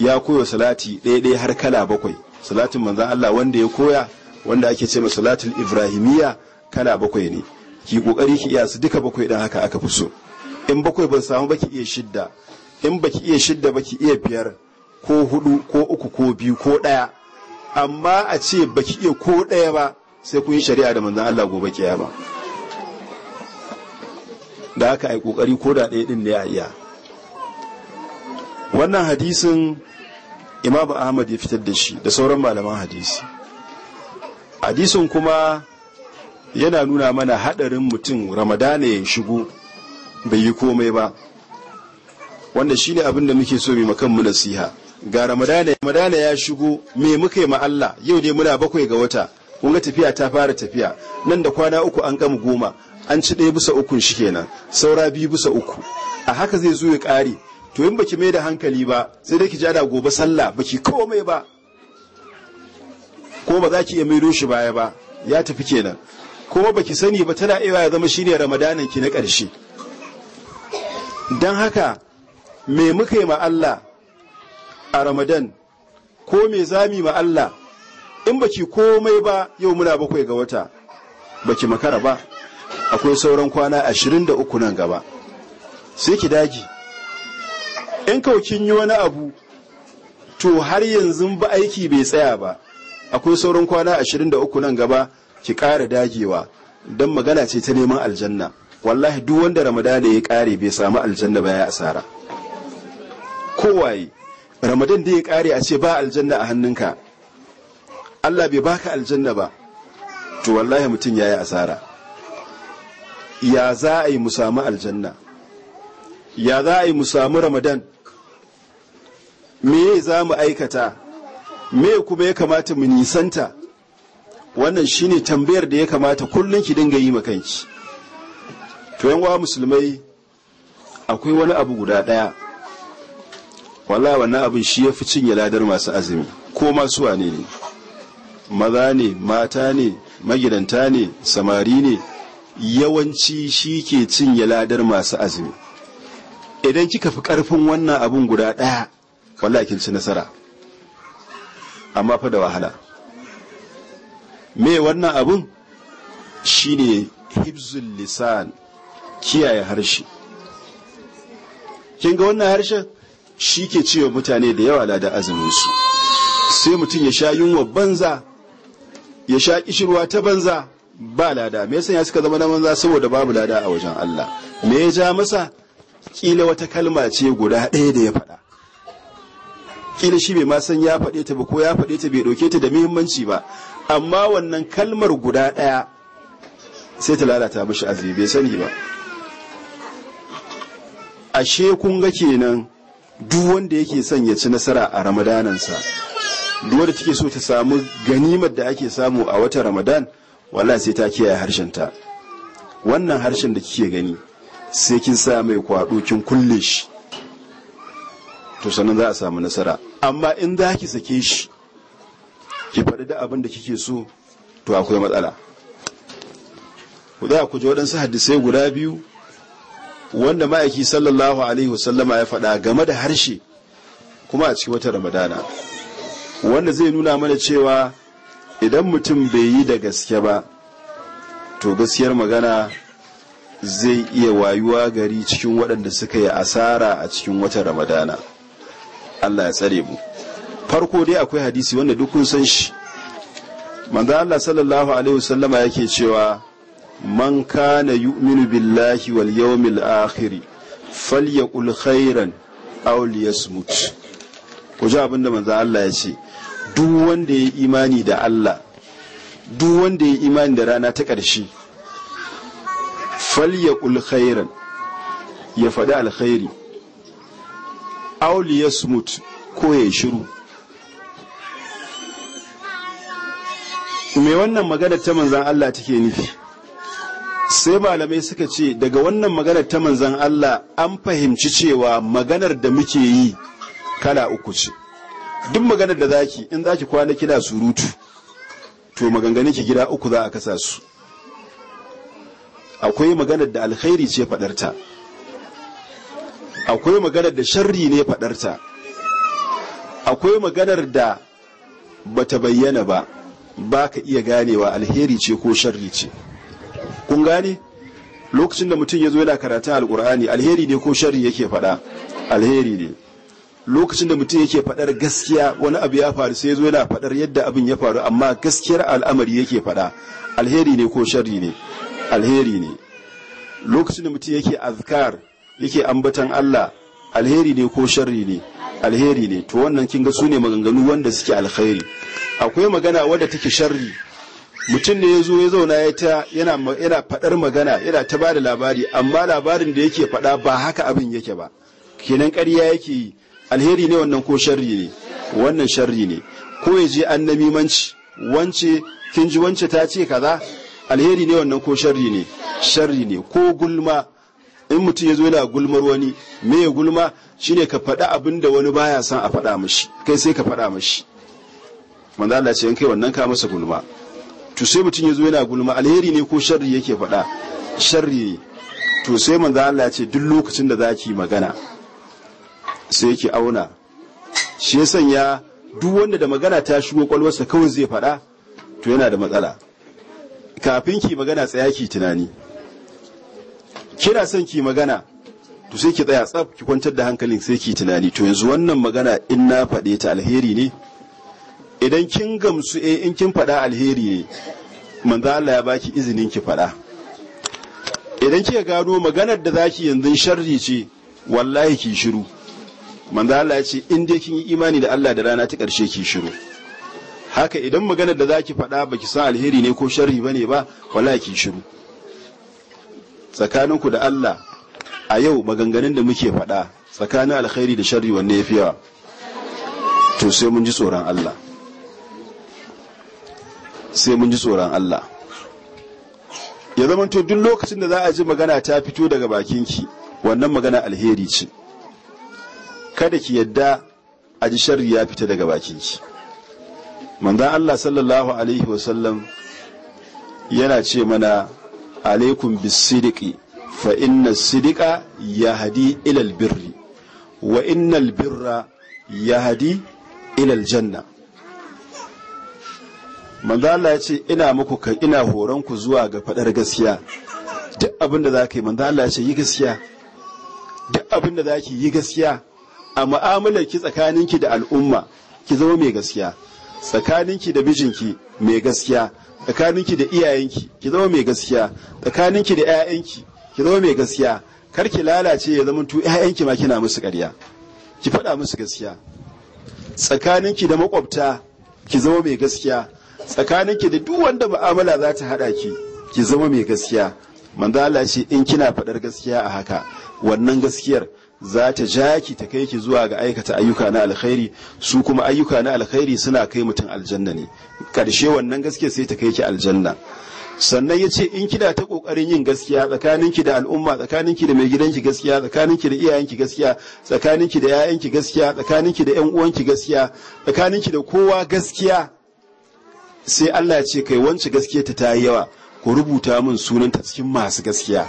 S2: ya koya salati ɗaya har kala bakwai salatin manzan Allah wanda ya koya wanda ake ce salatul ibrahimiyya kala bakwai ne ki kokari ki iya su duka bakwai dan haka aka fi so in bakwai ban samu ba iya shidda in baki iya shidda ba iya biyar ko hudu ko uku ko biyu ko daya amma a ce baki iya ko daya ba sai kun yi shari'a da manzan Allah gobe kiyama da haka ai kokari ko da ɗaya din ne a iya wannan hadisin imam ahmad ya fitar da shi da sauran malaman hadisi hadisin kuma yana nuna mana hadarin mutum ramadana ya shigo bai yi komai ba wanda shine abin da muke so mai makan mu nasiha ga ramadana ramadana ya shigo me muka yi ma Allah yau ne muna bakwai ga wata kun ga tafiya ta fara tafiya nan da kwana uku an gama goma an ci ɗaya bisa ukun shi kenan saura biyu bisa uku a haka zai zo ya ƙare to in baki mai da hankali ba sai dai ki ja da gobe sallah baki komai ba ko ba za ki iya maido shi baya ba ya tafi kenan kuma baki sani ba tana iya ya zama shine ramadanin ki na ƙarshe don haka me muka yi ma Allah a ramadan ko me zami ma Allah in baki komai ba yau muna bakwai ga wata baki makara ba akwai sauran kwana ashirin da uku nan gaba sai ki daji in kawai kin yi wani abu to har yanzu ba aiki bai tsaya ba akwai sauran kwana 23 nan gaba ki ƙara dagewa don magana ce ta neman aljanna wallahi duk wanda ramadana ya ƙare bai samu aljanna ba ya asara kowaye ramadan da ya ƙare a ce ba aljanna a hannunka allah bai baka aljanna ba to wallahi mutum ya yi asara ya za a yi mu samu aljanna ya za a yi mu samu ramadan me za mu aikata me kuma ya kamata mu nisanta wannan shine tambayar da ya kamata kullum ki dinga yi makanki to yan musulmai akwai wani abu guda daya wala wannan abin shi ya fi cinye ladar masu azumi ko masu wane ne maza ne mata ne magidanta ne samari ne yawanci shi ke cinye ladar masu azumi idan kika fi karfin wannan abun guda daya wallahi kin ci nasara amma fa da wahala me wannan abun shine hibzul lisan kiyaye harshe kin ga wannan harshen shi ke cewa mutane da yawa lada azuminsu sai mutum ya sha yunwa banza ya sha kishirwa ta banza ba lada me yasa ya suka zama na banza saboda babu lada a wajen Allah me ya ja masa kila wata kalma ce guda ɗaya da ya faɗa kila shi bai ma san ya faɗe ta ba ko ya faɗe ta bai ɗauke ta da muhimmanci ba amma wannan kalmar guda ɗaya sai ta lalata mashi azumi bai sani ba ashe kun ga kenan duk wanda yake son ya ci nasara a ramadanansa duk wanda take so ta samu ganimar da ake samu a wata ramadan wallahi sai ta kiyaye harshen ta wannan harshen da kike gani sai kin sa mai kwado kin kulle shi to sannan za a samu nasara amma in za ki sake shi ki faɗi da abin da kike so to akwai matsala ku za ku ji waɗansu hadisai guda biyu wanda ma'aiki sallallahu alaihi wasallama ya faɗa game da harshe kuma a cikin wata ramadana wanda zai nuna mana cewa idan mutum bai yi da gaske ba to gaskiyar magana zai iya wayuwa gari cikin waɗanda suka yi asara a cikin watan ramadana Allah ya tsare mu farko dai akwai hadisi wanda duk kun san shi manzo Allah sallallahu alaihi wasallama yake cewa man kana yu'minu billahi wal yawmil akhir falyaqul khairan aw liyasmut ko ji abinda manzo Allah ya ce duk wanda ya imani da Allah duk wanda ya imani da rana ta ƙarshe falyaqul khairan ya faɗi alkhairi auliya smut ko ya shiru me wannan magana ta manzan Allah take nufi sai malamai suka ce daga wannan maganar ta manzan Allah an fahimci cewa maganar da muke yi kala uku ce duk maganar da zaki in zaki kwana kina surutu to maganganun ki gida uku za a kasa su akwai maganar da alkhairi ce faɗarta. akwai maganar da sharri ne faɗarta akwai maganar da bata bayyana ba ba ka iya ganewa alheri ce ko sharri ce kun gane lokacin da mutum ya zo yana karata alkur'ani alheri ne ko sharri yake faɗa alheri ne lokacin da mutum yake faɗar gaskiya wani abu ya faru sai ya zo yana faɗar yadda abin ya faru amma gaskiyar al'amari yake faɗa alheri ne ko sharri ne alheri ne lokacin da mutum yake azkar yake ambatan Allah alheri ne ko sharri ne alheri ne to wannan kin ga su maganganu wanda suke alkhairi akwai magana wanda take sharri mutum ne yazo ya zauna ya ta yana yana fadar magana yana ta bada labari amma labarin da yake fada ba haka abin yake ba kenan ƙarya yake yi alheri ne wannan ko sharri ne wannan sharri ne ko ya je an wance kin ji wance ta ce kaza alheri ne wannan ko sharri ne sharri ne ko gulma in mutum ya zo yana gulmar wani me ya gulma shine ka faɗa abin da wani baya son a faɗa mashi kai sai ka faɗa mashi manzo Allah ce in kai wannan ka masa gulma to sai mutum ya zo yana gulma alheri ne ko sharri yake faɗa sharri ne to sai manzo Allah ce duk lokacin da zaki magana sai ki auna shi ya sanya duk wanda da magana ta shigo kwalwarsa kawai zai faɗa to yana da matsala kafin ki magana tsaya ki tunani kina son ki magana to sai ki tsaya tsaf ki kwantar da hankalin sai ki tunani to yanzu wannan magana in na faɗe ta alheri ne idan kin gamsu eh in kin faɗa alheri ne manzo Allah ya baki izinin ki faɗa idan kika gano maganar da zaki yanzu sharri ce wallahi ki shiru manzo Allah ya ce in dai kin yi imani da Allah da rana ta karshe ki shiru haka idan maganar da zaki faɗa baki san alheri ne ko sharri bane ba wallahi ki shiru tsakaninku da Allah a yau maganganun da muke faɗa tsakanin alkhairi da sharri wanne yafi yawa to sai mun ji tsoron Allah sai mun ji tsoron Allah ya zama to duk lokacin da za a ji magana ta fito daga bakinki wannan magana alheri ce kada ki yadda a ji sharri ya fita daga bakinki manzan Allah sallallahu alaihi wasallam yana ce mana alaikum bisidiki fa inna sidika hadi ilal birri. wa inna albirra ya ilal janna. manzo Allah ya ce ina muku kai ina horon ku zuwa ga fadar gaskiya duk abin da yi manzo Allah ya ce yi gaskiya duk abin da zaki yi gaskiya a mu'amalar ki tsakaninki da al'umma ki zama mai gaskiya tsakaninki da mijinki mai gaskiya tsakaninki da iyayenki ki zama mai gaskiya tsakaninki da 'ya'yanki ki zama mai gaskiya kar ki lalace ya zama tu 'ya'yanki ma kina musu ƙarya ki faɗa musu gaskiya tsakaninki da makwabta ki zama mai gaskiya tsakaninki da duk wanda mu'amala za ta haɗa ki ki zama mai gaskiya manzo Allah ce in kina faɗar gaskiya a haka wannan gaskiyar za ta ja ki ta kai ki zuwa ga aikata ayyuka na alkhairi su kuma ayyuka na alkhairi suna kai mutum aljanna ne karshe wannan gaskiya sai ta kai ki aljanna sannan ya ce in kina ta kokarin yin gaskiya tsakaninki da al'umma tsakaninki da mai gidanki gaskiya tsakaninki da iyayenki gaskiya tsakaninki da 'ya'yanki gaskiya tsakaninki da 'yan uwanki gaskiya tsakaninki da kowa gaskiya sai Allah ya ce kai wance gaskiya ta ta yawa ku rubuta min sunanta cikin masu gaskiya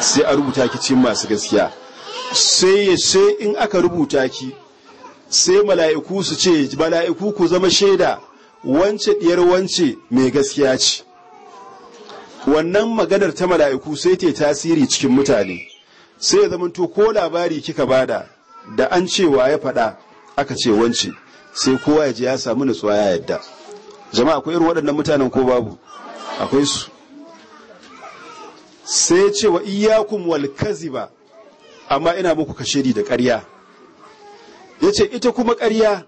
S2: sai a rubuta ki cikin masu gaskiya sai ya ce in aka rubuta ki sai mala'iku su ce mala'iku ku zama shaida wance diyar wance mai gaskiya ce wannan maganar ta mala'iku sai ta tasiri cikin mutane sai ya zamanto ko labari kika bada da an cewa ya fada aka ce wance sai kowa ya ji ya samu nutsuwa ya yadda jama'a akwai irin waɗannan mutanen ko babu akwai su sai ce wa iyakun wal kaziba amma ina muku kashiri da ƙarya ya ce ita kuma ƙarya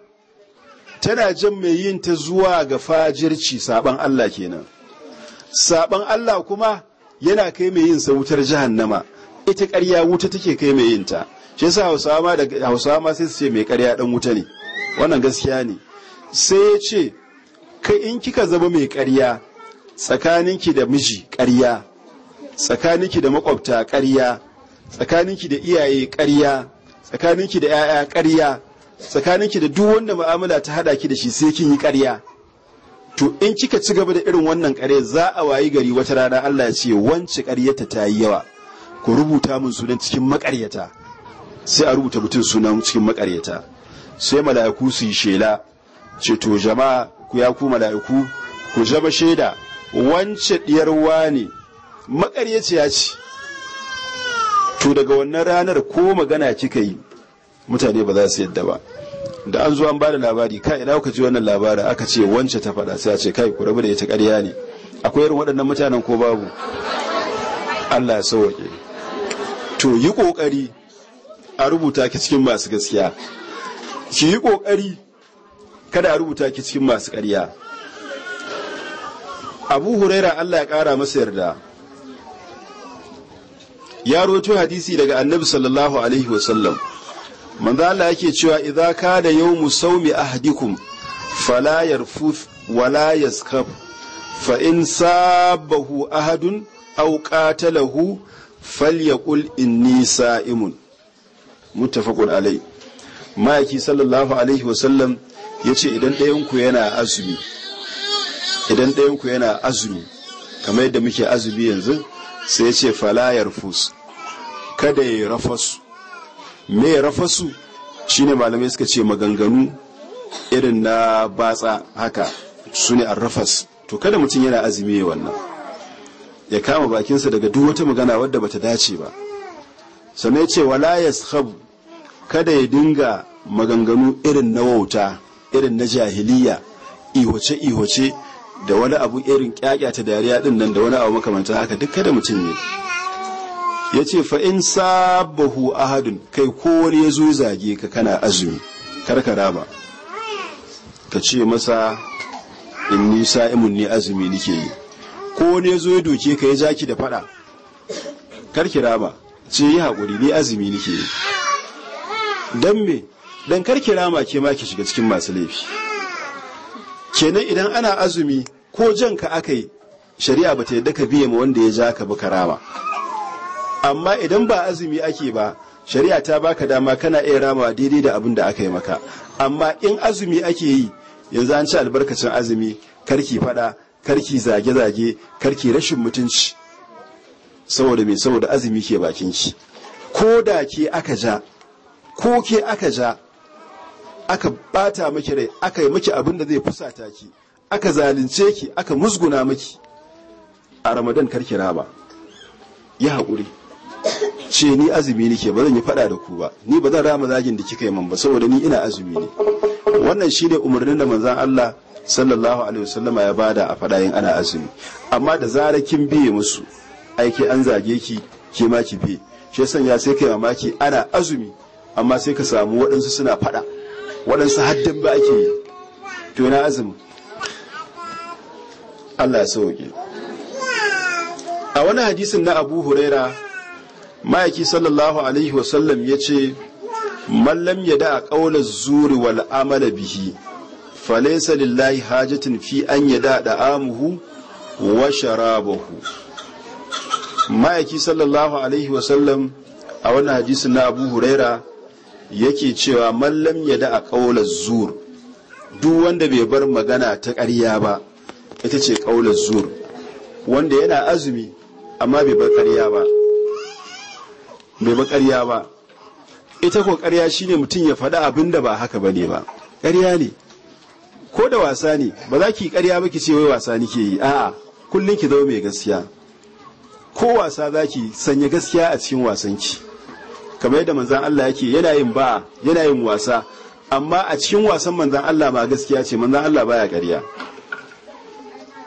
S2: tana jan mai yin ta zuwa ga fajirci saban Allah kenan saban Allah kuma yana kai mai yin sautar wutar jahannama ita ƙarya wuta take kai mai yin ta shi yasa Hausawa ma sai su ce mai ƙarya dan wuta ne wannan gaskiya ne sai ya ce kai in kika zama mai ƙarya tsakaninki da miji ƙarya tsakaninki da makwabta ƙarya tsakaninki da iyaye ƙarya tsakaninki da 'ya'ya ƙarya tsakaninki da duk wanda mu'amala ta hada ki da shi sai kin yi ƙarya to in kika ci gaba da irin wannan ƙarya za a wayi gari wata rana Allah ya ce wance ƙaryata ta yi yawa ku rubuta min sunan cikin maƙaryata sai a rubuta mutum sunan cikin makaryata. sai mala'iku su yi shela ce to jama'a ku ya ku mala'iku ku zama shaida wance diyar wane ya ce to daga wannan ranar ko magana kika yi mutane ba za su yadda ba da an zo an bada labari kai ina kuka ji wannan labari aka ce wance ta faɗa sai a ce kai ku rabu da ita ƙarya ne akwai irin waɗannan mutanen ko babu Allah ya sauke to yi kokari a rubuta ki cikin masu gaskiya ki yi kokari kada a rubuta ki cikin masu ƙarya Abu Huraira Allah ya ƙara masa yarda ya roto hadisi daga annabi sallallahu alaihi wasallam manzo Allah yake cewa idza kada yawmu sawmi ahdikum fala yarfuth wala yaskab fa in sabahu ahadun aw qatalahu falyaqul inni sa'imun muttafaqun alai maiki sallallahu alaihi wasallam yace idan dayan ku yana azumi idan dayan ku yana azumi kamar yadda muke azumi yanzu sai ce falayar fus kada ya rafasu me ya shi shine malamai suka ce maganganu irin na batsa haka su ne arrafas to kada mutum yana azumi wannan ya kama bakinsa daga duk wata magana wadda bata dace ba sannan ce walayas habu kada ya dinga maganganu irin na wauta irin na jahiliya ihoce ihoce da wani abu irin kyakyata dariya din nan da wani abu makamantar haka duk kada mutum ne ya ce fa in sabahu ahadun kai ko wani ya zo zage ka kana azumi karkara ba ka ce masa in nisa imun ne azumi nike yi ko ya zo ya doke ka ya zaki da fada karkira ba ce yi haƙuri ne azumi nike yi don me don karkira ma ke ma ki shiga cikin masu laifi kenan idan ana azumi ko jan ka aka yi shari'a ba ta yadda ka biya ma wanda ya ja ka bi karama amma idan ba azumi ake ba shari'a ta baka dama kana iya ramawa daidai da abin da aka yi maka amma in azumi ake yi yanzu an ci albarkacin azumi karki fada karki zage-zage karki rashin mutunci saboda mai saboda azumi ke bakin ki ko da ke aka ja ko ke aka ja aka bata miki rai aka yi miki abin da zai fusata ki aka zalunce ki aka musguna miki a ramadan kar ki raba ya haƙuri ce ni azumi nake ba zan yi faɗa da ku ba ni ba zan rama zagin da kika yi man ba saboda ni ina azumi ne wannan shi ne umarnin da manzon Allah sallallahu alaihi wasallama ya bada a yin ana azumi amma da zara kin biye musu aiki an zage ki ke ma ki biye shi sanya sai kai mamaki ana azumi amma sai ka samu waɗansu suna faɗa waɗansu haddin ba ake tuna azumi Allah ya sauke a wani hadisin na abu huraira ma'aiki sallallahu alaihi wasallam ya ce mallam ya da a ƙaunar zuri wal amala bihi falaisa lillahi hajjatin fi an ya da amuhu wa sharabahu ma'aiki sallallahu alaihi wasallam a wani hadisin na abu huraira yake cewa mallam ya da a ƙaular zur duk wanda bai bar magana ta ƙarya ba ita ce ƙaular zur wanda yana azumi amma bai bar ƙarya ba bai bar ƙarya ba ita ko ƙarya shine mutum ya faɗi abin da ba haka bane ba ƙarya ne ko da wasa ne ba za ki ƙarya ba ki ce wai wasa nike yi a'a kullum ki zama mai gaskiya ko wasa za ki sanya gaskiya a cikin wasanki kamar yadda manzan Allah yake yana yin ba yana yin wasa amma a cikin wasan manzan Allah ba gaskiya ce manzan Allah baya ƙarya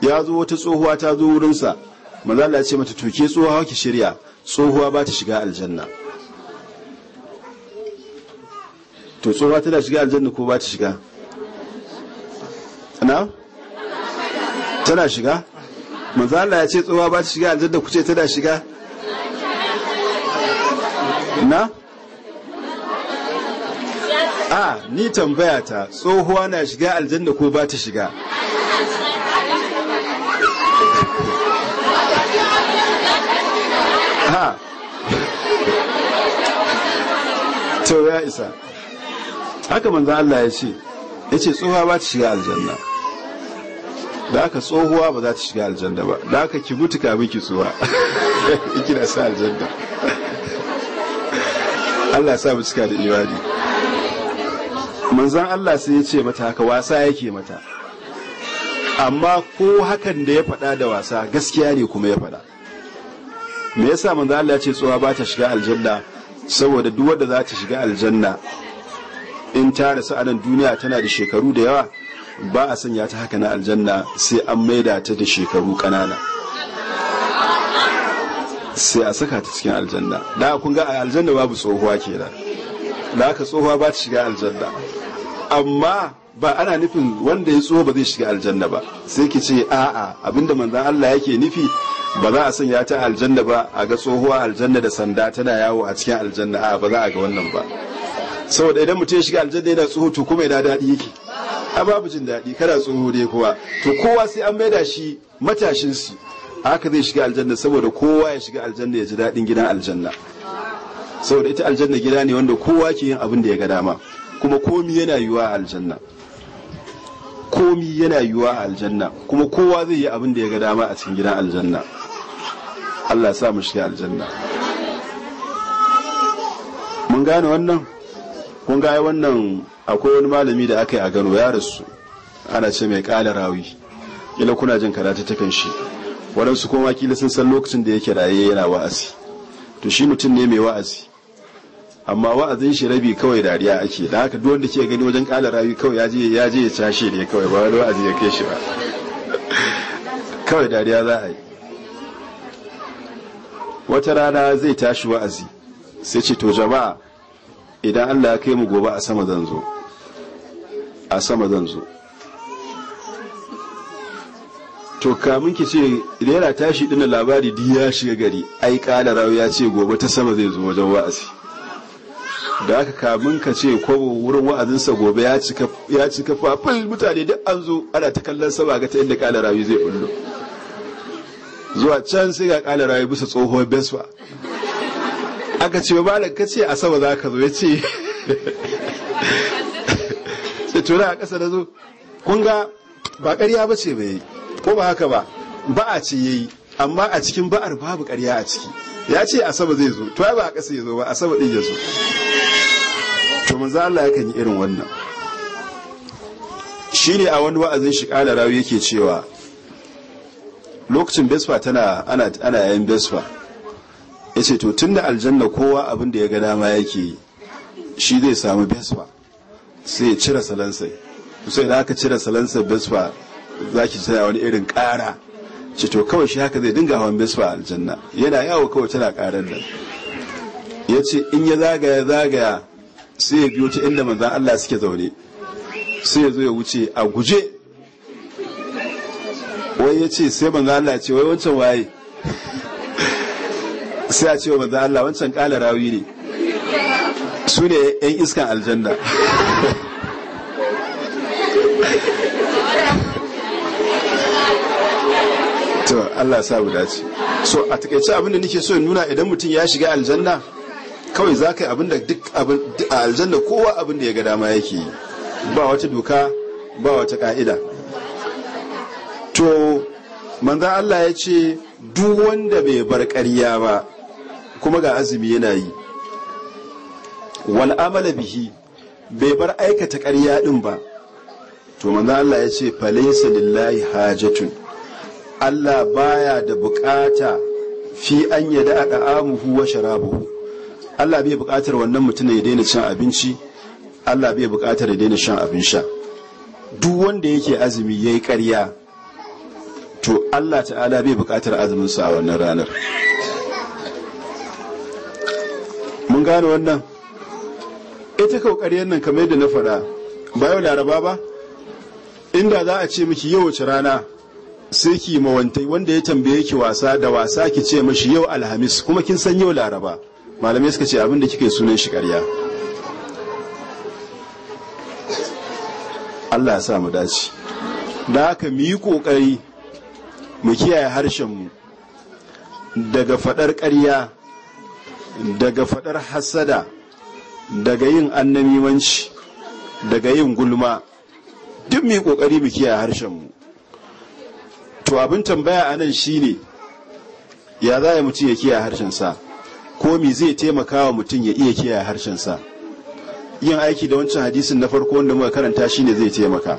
S2: ya zo wata tsohuwa ta zo wurinsa manzan Allah ce mata toke tsohuwa ki shirya tsohuwa ba ta shiga aljanna to tsohuwa tana shiga aljanna ko ba ta shiga na tana shiga manzan Allah ya ce tsohuwa ba ta shiga aljanna ku ce tana shiga na a ni tambaya ta tsohuwa na shiga aljanna ko ba ta shiga ha to ya isa haka manzan Allah ya ce ya ce tsohuwa ba ta shiga aljanna da aka tsohuwa ba za ta shiga aljanna ba da aka ki mutu kamin ki tsohuwa ikina sa aljanna Allah sa mu cika da imani manzon Allah sai ya ce mata haka wasa yake mata amma ko hakan da ya faɗa da wasa gaskiya ne kuma ya faɗa me yasa manzan Allah ya ce tsoha ba ta shiga aljanna saboda duk wanda za ta shiga aljanna in ta rasu a duniya tana da shekaru da yawa ba a sanya ta haka na aljanna sai an maida ta da shekaru ƙanana sai a saka ta cikin aljanna da kun ga a aljanna babu tsohuwa kenan da haka tsohuwa ba ta shiga aljanna amma ba ana nufin wanda ya tsoho ba zai shiga aljanna ba sai ki ce a'a abinda manzan Allah yake nufi ba za a sanya ta aljanna ba a ga tsohuwa aljanna da sanda tana yawo a cikin aljanna a'a ba za a ga wannan ba saboda idan mutum ya shiga aljanna yana tsoho to kuma yana daɗi yake a babu jin daɗi kada tsoho dai kowa to kowa sai an da shi matashin su haka zai shiga aljanna saboda kowa ya shiga aljanna ya ji daɗin gidan aljanna saboda ita aljanna gida ne wanda kowa ke yin abin da ya ga dama kuma komi yana yiwuwa a aljanna komi yana yiwuwa aljanna kuma kowa zai yi abin da ya ga dama a cikin gidan aljanna Allah sa mu shiga aljanna mun gane wannan kun gane wannan akwai wani malami da aka yi a gano ya rasu ana ce mai kala rawi ila kuna jin karatu takan shi waɗansu kuma kila sun san lokacin da yake raye yana wa'azi to shi mutum ne mai wa'azi amma wa'azin shi rabi kawai dariya ake da haka duwanda ke gani wajen kala rayu kawai ya je ya je ya cashe ne kawai ba wani wa'azi ya kai shi ba kawai dariya za a yi wata rana zai tashi wa'azi sai ce to jama'a idan Allah ya kai mu gobe a sama zan zo a sama zan zo to kamun ki ce rera tashi dinna labari di ya shiga gari ai kala rawu ya ce gobe ta sama zai zo wajen wa'azi da aka kamun ka ce ko wurin wa'azinsa gobe ya cika ya cika fafil mutane duk an zo ana ta kallon sama ga ta inda kala rawu zai bullo zuwa can sai ga kala rawu bisa tsoho beswa aka ce ba da ka ce a sama za ka zo ya ce sai tura a ƙasa da zo kun ga ba ƙarya ba ce bai ko ba haka ba ba'a ce yayi amma a cikin ba'ar babu ƙarya a ciki ya ce asaba zai zo to ba a ƙasa ya zo ba asaba ɗin ya zo to manzo Allah yakan yi irin wannan shine a wani wa'azin shi kala rawi yake cewa lokacin besfa tana ana ana yayin besfa yace to tunda aljanna kowa abin da ya ga dama yake shi zai samu besfa sai ya cire salansa sai da aka cire salansar besfa za ki tana wani irin ƙara ce to kawai shi haka zai dinga hawan bisfa aljanna yana yawo kawai tana ƙarar nan ya ce in ya zagaya zagaya sai ya biyo ta inda manzan Allah suke zaune sai ya zo ya wuce a guje wai ya ce sai manzan Allah ce wai wancan waye sai a ce wa manzan Allah wancan ƙala rawi ne su ne 'yan iskan aljanna Allah ya sabu dace so a takaice abin da nake so nuna idan mutum ya shiga aljanna kawai za ka yi abin duk a aljanna kowa abin da ya ga dama yake yi ba wata doka ba wata ka'ida to manza Allah ya ce duk wanda bai bar ƙarya ba kuma ga azumi yana yi wal amala bihi bai bar aikata ƙarya din ba to manza Allah ya ce falaysa lillahi hajatun Allah baya da bukata fi an yada a da'amuhu wa sharabuhu Allah bai bukatar wannan mutum ya daina cin abinci Allah bai bukatar ya daina shan abin sha duk wanda yake azumi yayi ƙarya to Allah ta'ala bai bukatar azumin sa a wannan ranar mun gane wannan ita kau ƙaryar nan kamar yadda na faɗa ba yau laraba ba inda za a ce miki yau wace rana sai ki mawantai wanda ya tambaye ki wasa da wasa ki ce mashi yau alhamis kuma kin san yau laraba malamai suka ce abin kike sunan shi karya Allah ya sa mu dace da haka mu yi kokari mu kiyaye harshen mu daga fadar ƙarya daga fadar hasada daga yin annamimanci daga yin gulma duk mu yi kokari mu kiyaye harshen mu to abin tambaya a nan shine ya za ya mutum ya kiyaye harshensa ko me zai taimaka wa mutum ya iya kiyaye harshensa yin aiki da wancan hadisin na farko wanda muka karanta shine zai taimaka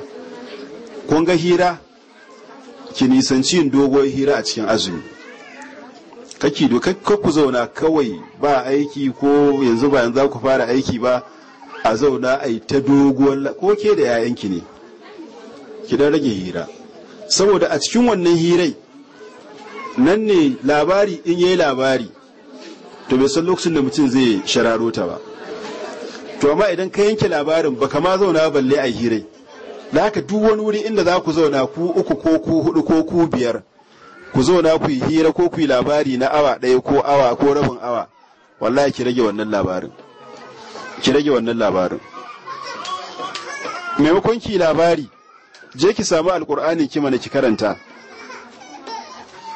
S2: kun ga hira ki nisanci yin doguwar hira a cikin azumi kaki doka ku zauna kawai ba aiki ko yanzu ba za ku fara aiki ba a zauna a yi ta doguwar ko ke da yayanki ne ki dan rage hira saboda a cikin wannan hirai nan ne labari in yi labari to bai san lokacin da mutum zai shararo ta ba to amma idan ka yanke labarin baka ma zauna balle a hirai da haka duk wani wuri inda za ku zauna ku uku ko ku hudu ko ku biyar ku zauna ku yi hira ko ku yi labari na awa ɗaya ko awa ko rabin awa wallahi ki rage wannan labarin ki rage wannan labarin maimakon ki labari je ki samu alkur'ani ki mana ki karanta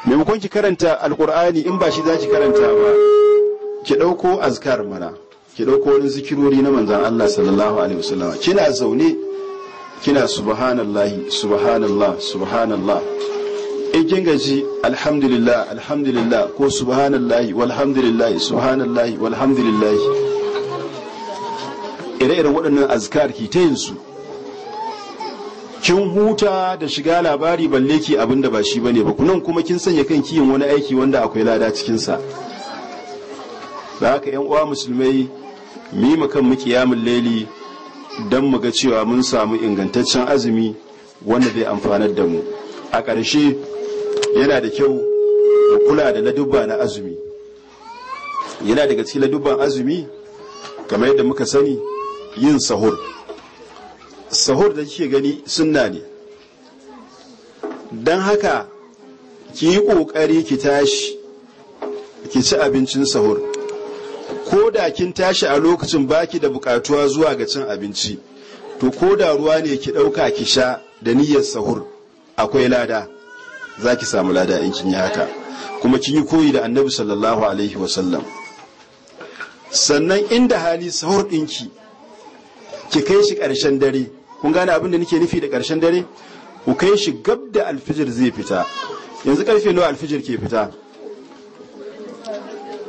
S2: maimakon ki karanta alkur'ani in ba shi za ki karanta ba ki ɗauko azkar mana ki ɗauko wani zikirori na manzan Allah sallallahu alaihi wasallam kina zaune kina subhanallahi subhanallah subhanallah in kin gaji alhamdulillah alhamdulillah ko subhanallahi walhamdulillah subhanallahi walhamdulillah ire-iren waɗannan azkar ki ta yin su kin huta da shiga labari balle ki abin da ba shi bane ba kunan kuma kin sanya kan yin wani aiki wanda akwai lada cikin sa da haka yan uwa musulmai mi mu kan mu kiyamul laili dan mu ga cewa mun samu ingantaccen azumi wanda zai amfanar da mu a ƙarshe yana da kyau mu kula da ladubba na azumi yana daga cikin ladubban azumi kamar yadda muka sani yin sahur sahur da kike gani sunna ne don haka ki yi ƙoƙari ki tashi ki ci abincin sahur ko da kin tashi a lokacin baki da buƙatuwa zuwa ga cin abinci to ko da ruwa ne ki ɗauka ki sha da niyyar sahur akwai lada za ki samu lada in kin yi haka kuma kin yi koyi da annabi sallallahu alaihi wasallam sannan inda hali sahur ɗinki ki kai shi ƙarshen dare kun gane abin da nake nufi da ƙarshen dare ku kai shi gab da alfijir zai fita yanzu karfe nawa alfijir ke fita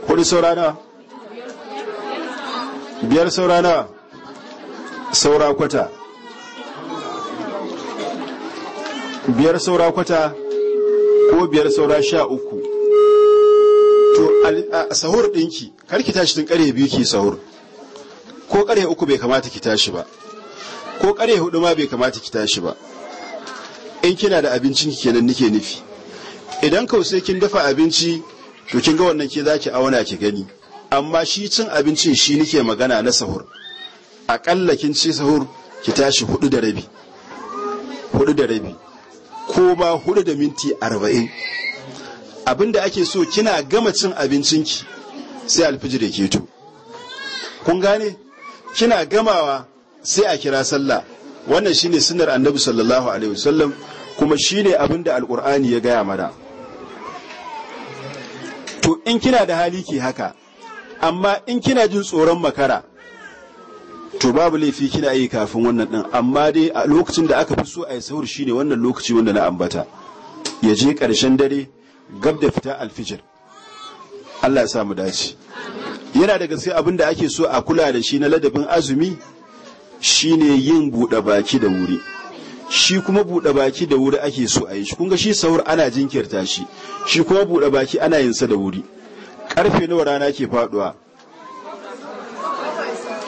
S2: Kuɗi saura nawa biyar saura nawa saura kwata biyar saura kwata ko biyar saura sha uku to a sahur ɗinki karki tashi tun ƙarfe biyu ki sahur ko ƙarfe uku bai kamata ki tashi ba ko karya hudu ma bai kamata ki tashi ba in kina da abincin ki kenan nike nufi idan kausai kin dafa abinci to kin ga wannan ke zaki auna ki gani amma shi cin abincin shi nike magana na sahur akalla kin ci sahur ki tashi hudu da rabi hudu da rabi ko ma hudu da minti arba'in abinda ake so kina gama cin abincinki sai alfijir ya keto kun gane kina gamawa sai a kira sallah wannan shine sunnar annabi sallallahu alaihi wasallam kuma shine abin da alkur'ani ya gaya mana to in kina da hali ke haka amma in kina jin tsoron makara to babu laifi kina yi kafin wannan din amma dai a lokacin da aka fi so a yi sahur shine wannan lokaci wanda na ambata ya je ƙarshen dare gab da fita alfijir Allah ya samu dace yana da gaske abin da ake so a kula da shi na ladabin azumi shine yin buɗe baki da wuri shi kuma buɗe baki da wuri ake so a yi shi kunga shi saur ana jinkirta shi shi kuma buɗe baki ana yin sa da wuri karfe nawa rana ke faduwa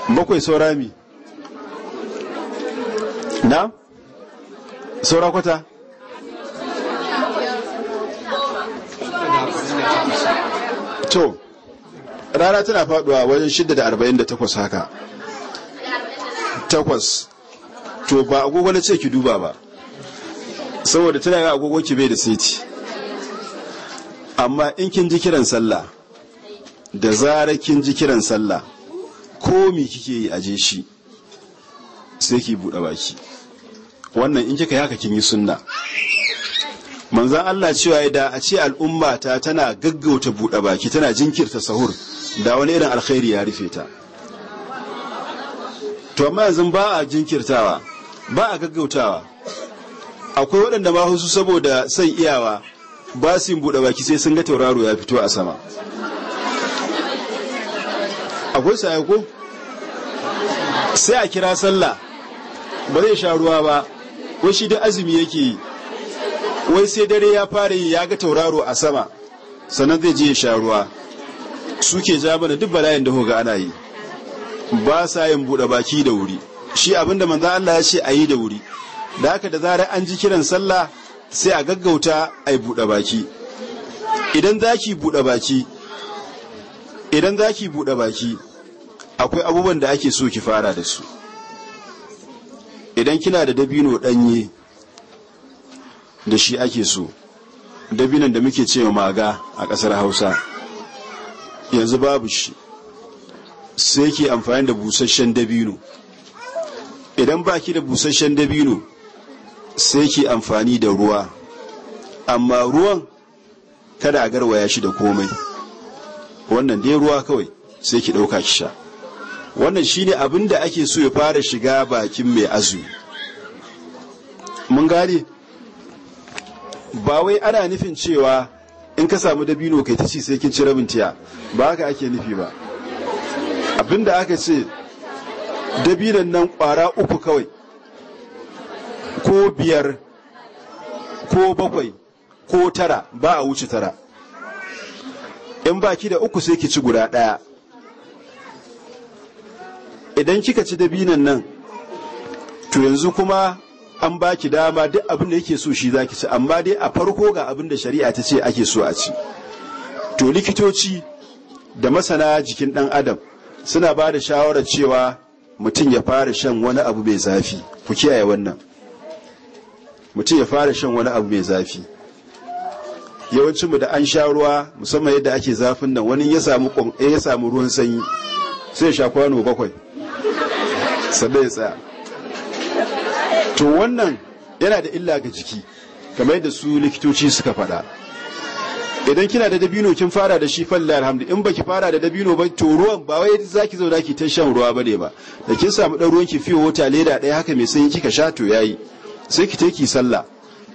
S2: bakwai saura mi na saura kwata to rana tana faduwa wajen shidda da arba'in da takwas haka takwas to ba agogo na ce ki duba ba saboda tana yi agogo ki bai da seti amma in kin ji kiran sallah da zarar kin ji kiran sallah ko kike yi aje shi sai ki buɗe baki wannan in kika yi haka kin yi sunna manzan Allah cewa da a ce al'umma ta tana gaggauta buɗe baki tana jinkirta sahur da wani irin alkhairi ya rufe ta to amma yanzu ba a jinkirtawa ba a gaggautawa akwai waɗanda ma su saboda son iyawa ba su buɗe baki sai sun ga tauraro ya fito a sama akwai sa ko sai a kira sallah ba zai sha ruwa ba wai shi da azumi yake yi wai sai dare ya fara yi ya ga tauraro a sama sannan zai je ya sha ruwa suke ja mana duk bala'in da hoga ana yi ba sa yin buɗe baki da wuri shi abinda manzo Allah ya ce a yi da wuri da haka da zarar an ji kiran sallah sai a gaggauta a yi buɗe baki idan za ki buɗe baki idan za ki buɗe baki akwai abubuwan da ake so ki fara da su idan kina da dabino ɗanye da shi ake so dabinon da muke cewa maga a ƙasar hausa yanzu babu shi sai ke amfani da busasshen dabino idan baki da busasshen dabino sai ke amfani da ruwa amma ruwan kada a garwaya shi da komai wannan dai ruwa kawai sai ki ɗauka ki sha wannan shine abin da ake so ya fara shiga bakin mai azumi mun gane ba wai ana nufin cewa in ka samu dabino kai ta ci sai kin ci rabin tiya ba haka ake nufi ba abinda aka ce dabinan nan kwara uku kawai ko biyar ko bakwai ko tara ba a wuce tara in baki da uku sai ki ci guda ɗaya idan kika ci dabinan nan to yanzu kuma an baki dama duk abin da yake so shi zaki ci amma dai a farko ga abin da shari'a ta ce ake so a ci to likitoci da masana jikin dan adam suna ba da shawarar cewa mutum ya fara shan wani abu mai zafi ku kiyaye wannan mutum ya fara shan wani abu mai zafi yawancinmu da an sha ruwa musamman yadda ake zafin nan wani eh, ya samu ruwan sanyi sai ya sha kwano bakwai sannan ya tsaya to wannan yana da illa ga jiki kamar yadda su likitoci suka faɗa idan kina da dabino kin fara da shi falla alhamdu in baki fara da dabino ba to ruwan ba wai zaki zauna ki ta shan ruwa bane ba da kin samu dan ruwan ki fiyo wata leda ɗaya haka mai sanyi kika sha to yayi sai ki take sallah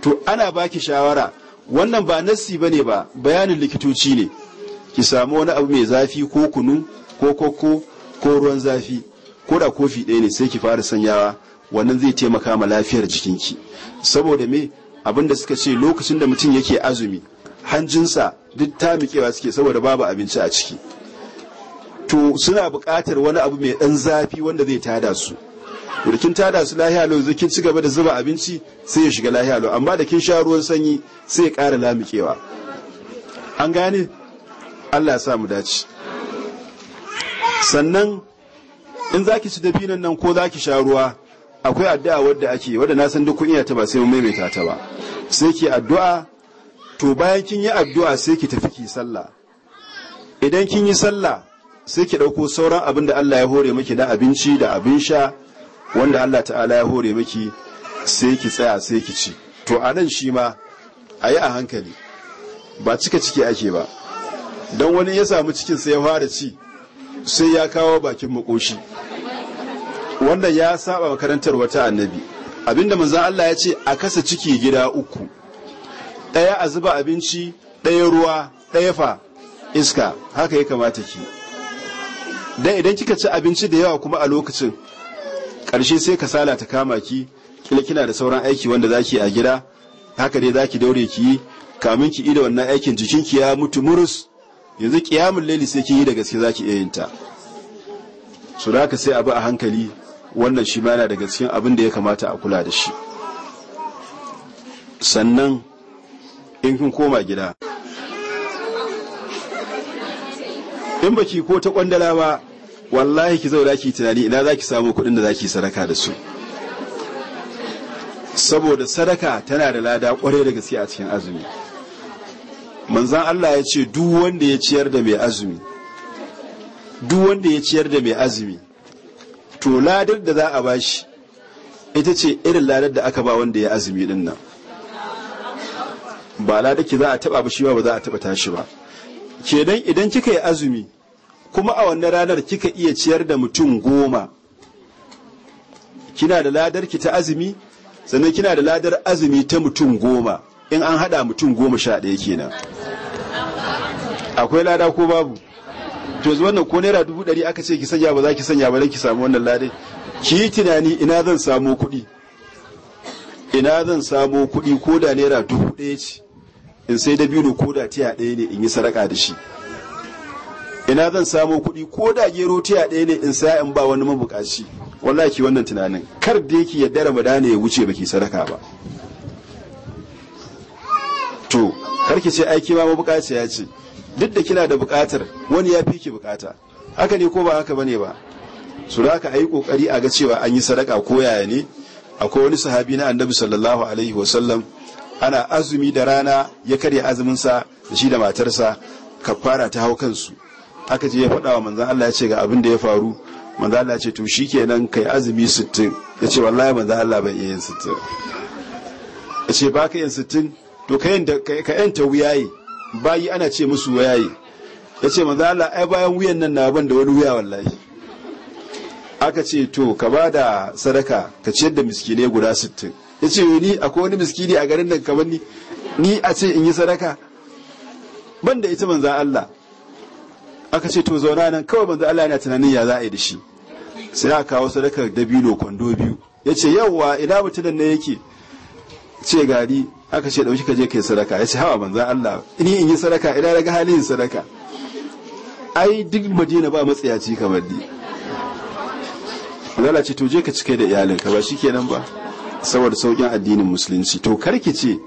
S2: to ana baki shawara wannan ba nassi bane ba bayanin likitoci ne ki samu wani abu mai zafi ko kunu ko kokko ko ruwan zafi ko da kofi ɗaya ne sai ki fara sanyawa wannan zai taimaka ma lafiyar jikinki saboda me abin da suka ce lokacin da mutum yake azumi hanjinsa duk ta miƙewa suke saboda babu abinci a ciki to suna buƙatar wani abu mai ɗan zafi wanda zai tada su da kin tada su lahiya yanzu kin ci da zuba abinci sai ya shiga lahiya lo amma da kin sha ruwan sanyi sai ya ƙara lamikewa an gane allah ya sa mu dace sannan in zaki ci dabinan nan ko zaki sha ruwa akwai addu'a wadda ake wadda na san duk kun iya ta ba sai mun maimaita ta ba sai ki addu'a to bayan kin yi addu'a sai ki tafi ki sallah idan kin yi sallah sai ki ɗauko sauran abin da Allah ya hore miki na abinci da abin sha wanda Allah ta'ala ya hore miki sai ki tsaya sai ki ci to a nan shi ma a yi a hankali ba cika ciki ake ba don wani ya samu cikin sai ya fara ci sai ya kawo bakin makoshi wanda ya saba makarantar wata annabi abinda manzan Allah ya ce a kasa ciki gida uku ɗaya a zuba abinci ɗaya ruwa ɗaya fa iska haka ya kamata ki dan idan kika ci abinci da yawa kuma a lokacin ƙarshe sai kasala ta kama ki kila kina da sauran aiki wanda zaki a gida haka dai zaki daure ki yi kamin ki ida wannan aikin jikinki ya mutu murus yanzu kiyamul laili sai ki yi da gaske zaki iya yin ta su da haka sai abu a hankali wannan shi ma yana daga cikin abin da ya kamata a kula da shi sannan in kin koma gida in baki ko ta kwandala ba wallahi ki zauna ki tunani ina za ki samu kuɗin da za ki sadaka da su saboda sadaka tana da lada kwarai da gaske a cikin azumi manzan Allah ya ce duk wanda ya ciyar da mai azumi duk wanda ya ciyar da mai azumi to ladar da za a bashi ita ce irin ladar da aka ba wanda ya azumi din nan ba ladaki za a taba ba shi ba za a taba tashi ba kenan idan kika yi azumi kuma a wannan ranar kika iya ciyar da mutum goma kina da ladar ki ta azumi sannan kina da ladar azumi ta mutum goma in an hada mutum goma sha daya kenan akwai lada ko babu to zuwa wannan ko naira dubu ɗari aka ce ki sanya ba za ki sanya ba ki samu wannan ladai ki yi tunani ina zan samo kuɗi ina zan samo kuɗi ko da naira dubu ɗaya ce in sai dabino ko da tiya ɗaya ne in yi sadaka da shi ina zan samo kuɗi ko da gero tiya ɗaya ne in saya in ba wani mabukaci wallahi ki wannan tunanin kar da yake yadda ne ya wuce baki sadaka ba to kar ki ce aiki ma ya ce duk da kina da bukatar wani ya fi ki bukata haka ne ko ba haka bane ba su da aka ayi kokari a ga cewa an yi sadaka ko yaya ne akwai wani sahabi na annabi sallallahu alaihi wasallam ana azumi da rana ya karya azuminsa da shi da matarsa kafara ta hau kansu aka ce ya faɗa wa manzan Allah ya ce ga abin da ya faru manzan Allah ya ce to ka kai azumi sittin? ya ce wallahi manzan Allah ban iya yin sittin. ya ce ba ka yin sittin? to ka yanta wuyaye bayi ana ce musu wuyaye ya ce manzan Allah ai bayan wuyan nan na ban da wani wuya wallahi aka ce to ka ba da sadaka ka ciyar da miskinai guda sittin? ya ce ni akwai wani miskini a garin nan kamar ni ni a ce in yi sadaka ban da ita manzan Allah aka ce to zauna nan kawai manzan Allah yana tunanin ya za a yi da shi sai aka kawo da dabino kwando biyu ya ce yawwa ina mutunan ne yake ce gari aka ce ɗauki ka je kai sadaka ya ce hawa manzan Allah ni in yi sadaka ina daga halin sadaka ai duk madina ba matsayaci kamar ni lalace to je ka cike da iyalinka ba shikenan ba saboda saukin addinin musulunci to karki ce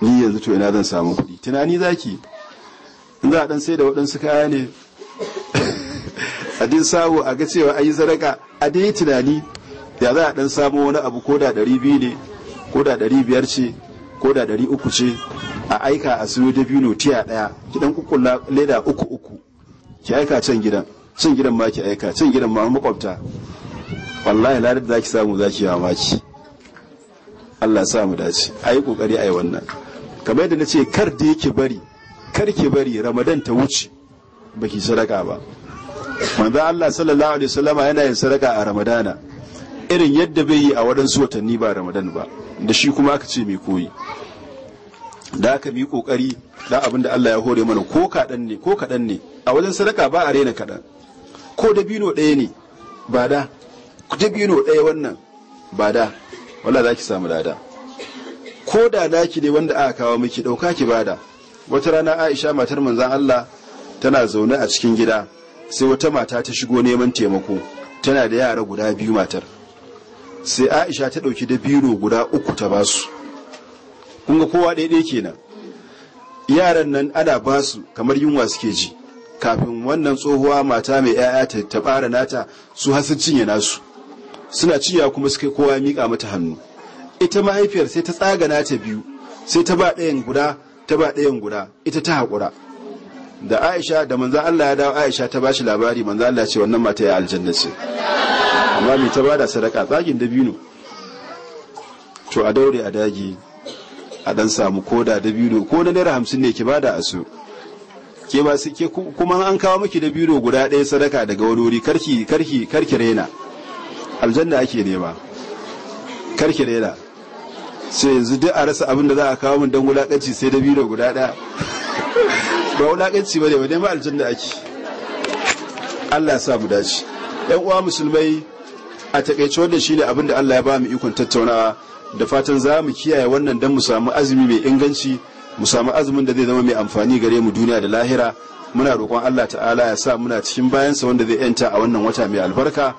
S2: ni yanzu to ina zan samu kuɗi tunani zaki in za a dan sai da waɗansu kaya ne a din samu a ga cewa ayi sadaka a dai tunani ya za a dan samu wani abu ko da ɗari biyu ne ko da ɗari biyar ce ko da ɗari uku ce a aika a siyo biyu tiya ɗaya kidan kukulla leda uku uku ki aika can gidan can gidan ma ki aika can gidan ma makwabta wallahi ladar da zaki samu zaki mamaki Allah sa mu dace ayi kokari ayi wannan kamar yadda na ce kar da yake bari kar ki bari Ramadan ta wuce baki sadaka ba manzo Allah sallallahu alaihi wasallama yana yin sadaka a Ramadana irin yadda bai yi a wadansu watanni ba Ramadan ba da shi kuma aka ce mai koyi da aka bi kokari da abin da Allah ya hore mana ko kaɗan ne ko kaɗan ne a wajen sadaka ba a rena kaɗan ko dabino ɗaya ne ba da dabino ɗaya wannan ba da wala za ki samu lada ko da naki ne wanda aka kawo miki ɗauka ki bada wata rana aisha matar manzan allah tana zaune a cikin gida sai wata mata ta shigo neman taimako tana da yara guda biyu matar sai aisha ta ɗauki da biro guda uku ta basu kun ga kowa ɗaya kenan yaran nan ana basu kamar yunwa suke ji kafin wannan tsohuwa mata mai 'ya'ya ta ɓara nata su har cinye nasu suna ciya kuma suka kowa miƙa mata hannu ita mahaifiyar sai ta tsagana ta biyu sai ta ba ɗayan guda ta ba ɗayan guda ita ta haƙura da aisha da manzan allah ya dawo aisha ta bashi labari manzan allah ce wannan mata ya aljanna ce amma mai ta bada sadaka tsagin dabino to a daure a dagi a dan samu koda dabino ko na naira hamsin ne ki bada a su ke ba su ke kuma an kawo miki dabino guda ɗaya sadaka daga wani wuri karki karki karki rena aljanna ake nema karki rera sai yanzu duk a rasa abin da za a kawo min don wulakanci sai da biro guda ɗaya ba wulakanci ba ne ba nema aljanna ake Allah sa mu dace yan uwa musulmai a takaice wannan shine abin da Allah ya ba mu ikon tattaunawa da fatan za mu kiyaye wannan don mu samu azumi mai inganci mu samu azumin da zai zama mai amfani gare mu duniya da lahira muna roƙon Allah ta'ala ya sa muna cikin bayansa wanda zai yanta a wannan wata mai albarka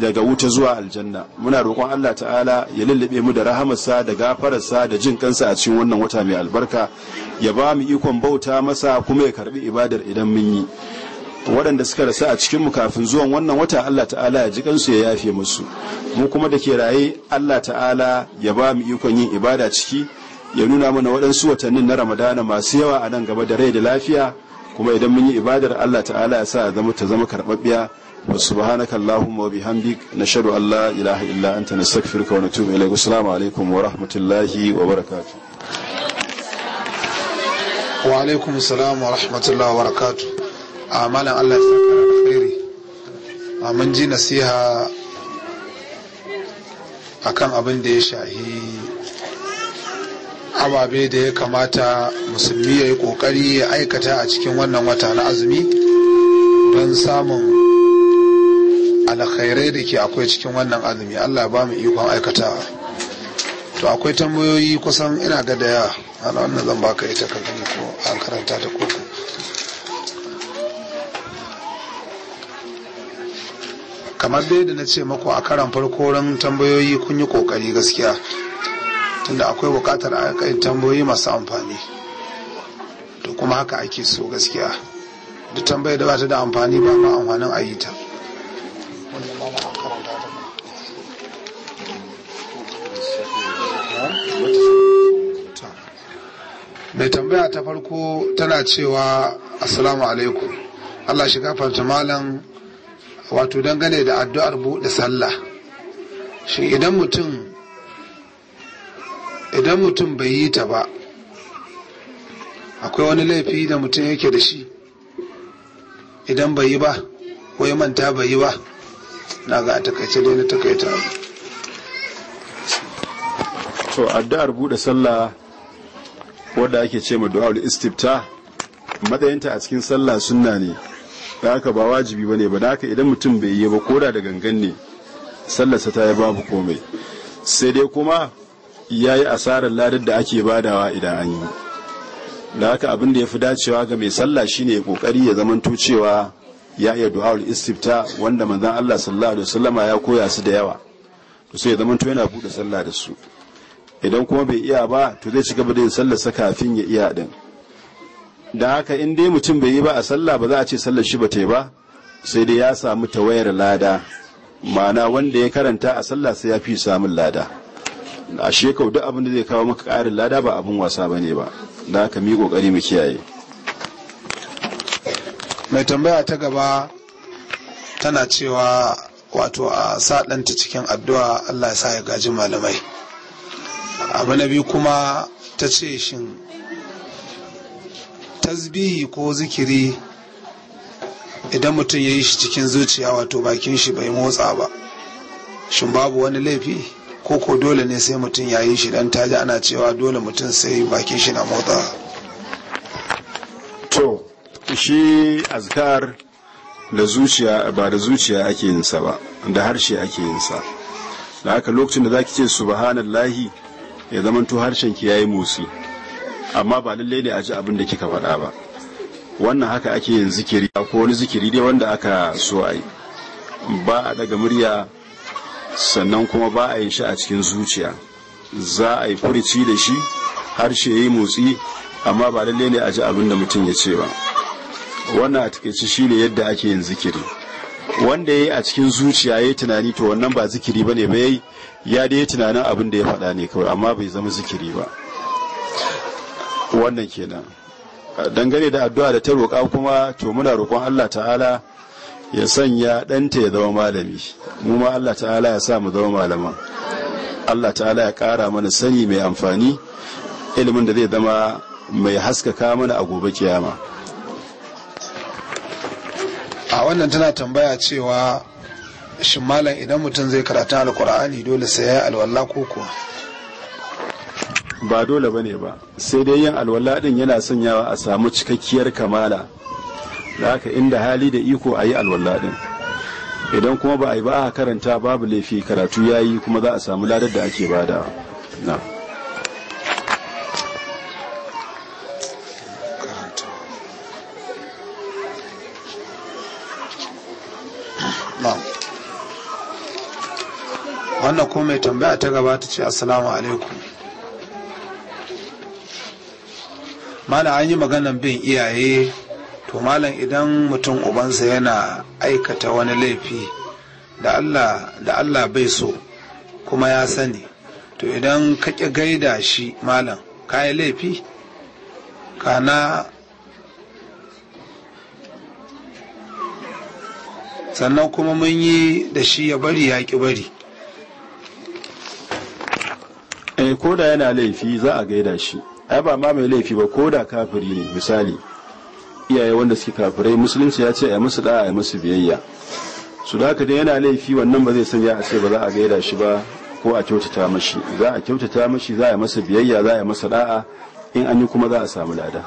S2: daga wuta zuwa aljanna muna roƙon Allah ta'ala ya lullube mu da rahamarsa da gafararsa da jin kansa a cikin wannan wata mai albarka ya ba mu ikon bauta masa kuma ya karbi ibadar idan mun yi waɗanda suka rasa a cikinmu kafin zuwan wannan wata Allah ta'ala ya ji kansu ya yafe musu mu kuma da ke raye Allah ta'ala ya ba mu ikon yin ibada ciki ya nuna mana waɗansu watannin na ramadana masu yawa a nan gaba da rai da lafiya kuma idan mun yi ibadar Allah ta'ala ya sa zama ta zama karɓaɓɓiya وسبحانك اللهم وبحمدك نشهد أن لا إله إلا أنت نستغفرك ونتوب إليك السلام عليكم ورحمة الله وبركاته
S1: وعليكم السلام ورحمة الله وبركاته أعمالا الله يسكر خيري من جي نسيها akan abin da ya shahi ababe da ya kamata musulmi ya yi kokari ya aikata a cikin wannan wata na azumi don samun alkhairai da ke akwai cikin wannan azumi Allah ba mu ikon aikatawa to akwai tambayoyi kusan ina ga da yawa ana wannan zan baka ita ka gani ko an karanta ta koko kamar dai da na ce mako a karan farko ran tambayoyi kun yi kokari gaskiya tunda akwai bukatar a tambayoyi masu amfani to kuma haka ake so gaskiya duk tambayar da ba ta da amfani ba ma amfanin a yi ta mai tambaya ta farko tana cewa assalamu alaikum Allah shiga fanta malam wato dangane da addu'ar buɗe sallah shi idan mutum idan mutum bai yi ta ba akwai wani laifi da mutum yake da shi idan bai yi ba ko ya manta bai yi ba na ga a takaice dai na takaita to addu'ar bude
S2: sallah wadda ake ce ma du'a istifta matsayinta a cikin sallah sunna ne da haka ba wajibi bane ba da haka idan mutum bai yi ba koda da gangan ne sallarsa ta yi babu komai sai dai kuma ya yi asarar ladar da ake badawa idan an yi da haka abin da ya fi dacewa ga mai sallah shine kokari ya zamanto cewa ya iya du'ar istifta wanda manzon Allah sallallahu alaihi wasallama ya koya su da yawa to sai ya zama to yana bude sallah da su idan kuma bai iya ba to zai shiga gaba da yin sallar kafin ya iya din dan haka in dai mutum bai yi ba a sallah ba za a ce sallar shi ba ta ba sai dai ya samu tawayar lada ma'ana wanda ya karanta a sallah sai ya fi samun lada a shekau duk abin da zai kawo maka ƙarin lada ba abin wasa bane ba da haka mi kokari mu kiyaye
S1: mai tambaya ta gaba tana cewa wato a saɗanta cikin addu'a Allah ya sa ya gaji malamai abu na biyu kuma ta ce shin tasbihi ko zikiri idan mutum ya yi shi cikin zuciya wato bakin shi bai motsa ba shin babu wani laifi Koko. dole ne sai mutum ya yi shi dan taji ana cewa dole mutum sai bakin shi na motsa
S2: shi azkar da zuciya ba da zuciya ake yin sa ba da harshe ake yin sa da haka lokacin da zaki ce subhanallahi ya zamanto harshen ki yayi musi amma ba lalle ne a ji abin da kika faɗa ba wannan haka ake yin zikiri ko wani zikiri dai wanda aka so ayi ba a daga murya sannan kuma ba a yin shi a cikin zuciya za a yi furici da shi harshe yayi motsi amma ba lalle ne a ji abin da mutum ya ce ba wannan a takaice ne yadda ake yin zikiri wanda ya a cikin zuciya ya yi tunani to wannan ba zikiri ba ne ba ya ya dai tunanin abin da ya faɗa ne kawai amma bai zama zikiri ba wannan kenan dangane da addu'a da ta roƙa kuma to muna roƙon Allah ta'ala ya sanya ɗanta ya zama malami mu ma Allah ta'ala ya sa mu zama malaman Allah ta'ala ya ƙara mana sani mai amfani ilimin da zai zama mai haskaka mana a gobe kiyama
S1: a wannan tana tambaya cewa shin malam idan mutum zai karatu alkur'ani dole sai ya yi alwala ko kuwa
S2: ba dole ba ne ba sai dai yin alwala din yana sanyawa a samu cikakkiyar kamala da haka inda hali da iko a yi alwala din idan kuma ba a yi ba a karanta babu laifi karatu ya yi kuma za a samu ladar da ake bada na
S1: wannan kuma mai tambaya ta gaba ta ce assalamu alaikum mana an yi maganan bin iyaye to malam idan mutum ubansa yana aikata wani laifi da allah da allah bai so kuma ya sani to idan ka ƙi gaida shi malam ka yi laifi na sannan kuma mun yi da shi ya bari ya ƙi bari ai eh, ko da yana laifi
S2: za a gaida shi ai ba ma mai laifi ba ko da kafiri ne misali iyaye wanda suke kafirai musulunci ya ce ai musu da'a ai musu biyayya su da haka dai yana laifi wannan ba zai sanya a ce ba za a gaida shi ba ko a kyautata mashi za a kyautata mashi za a masa biyayya za a masa da'a in an yi kuma za a samu lada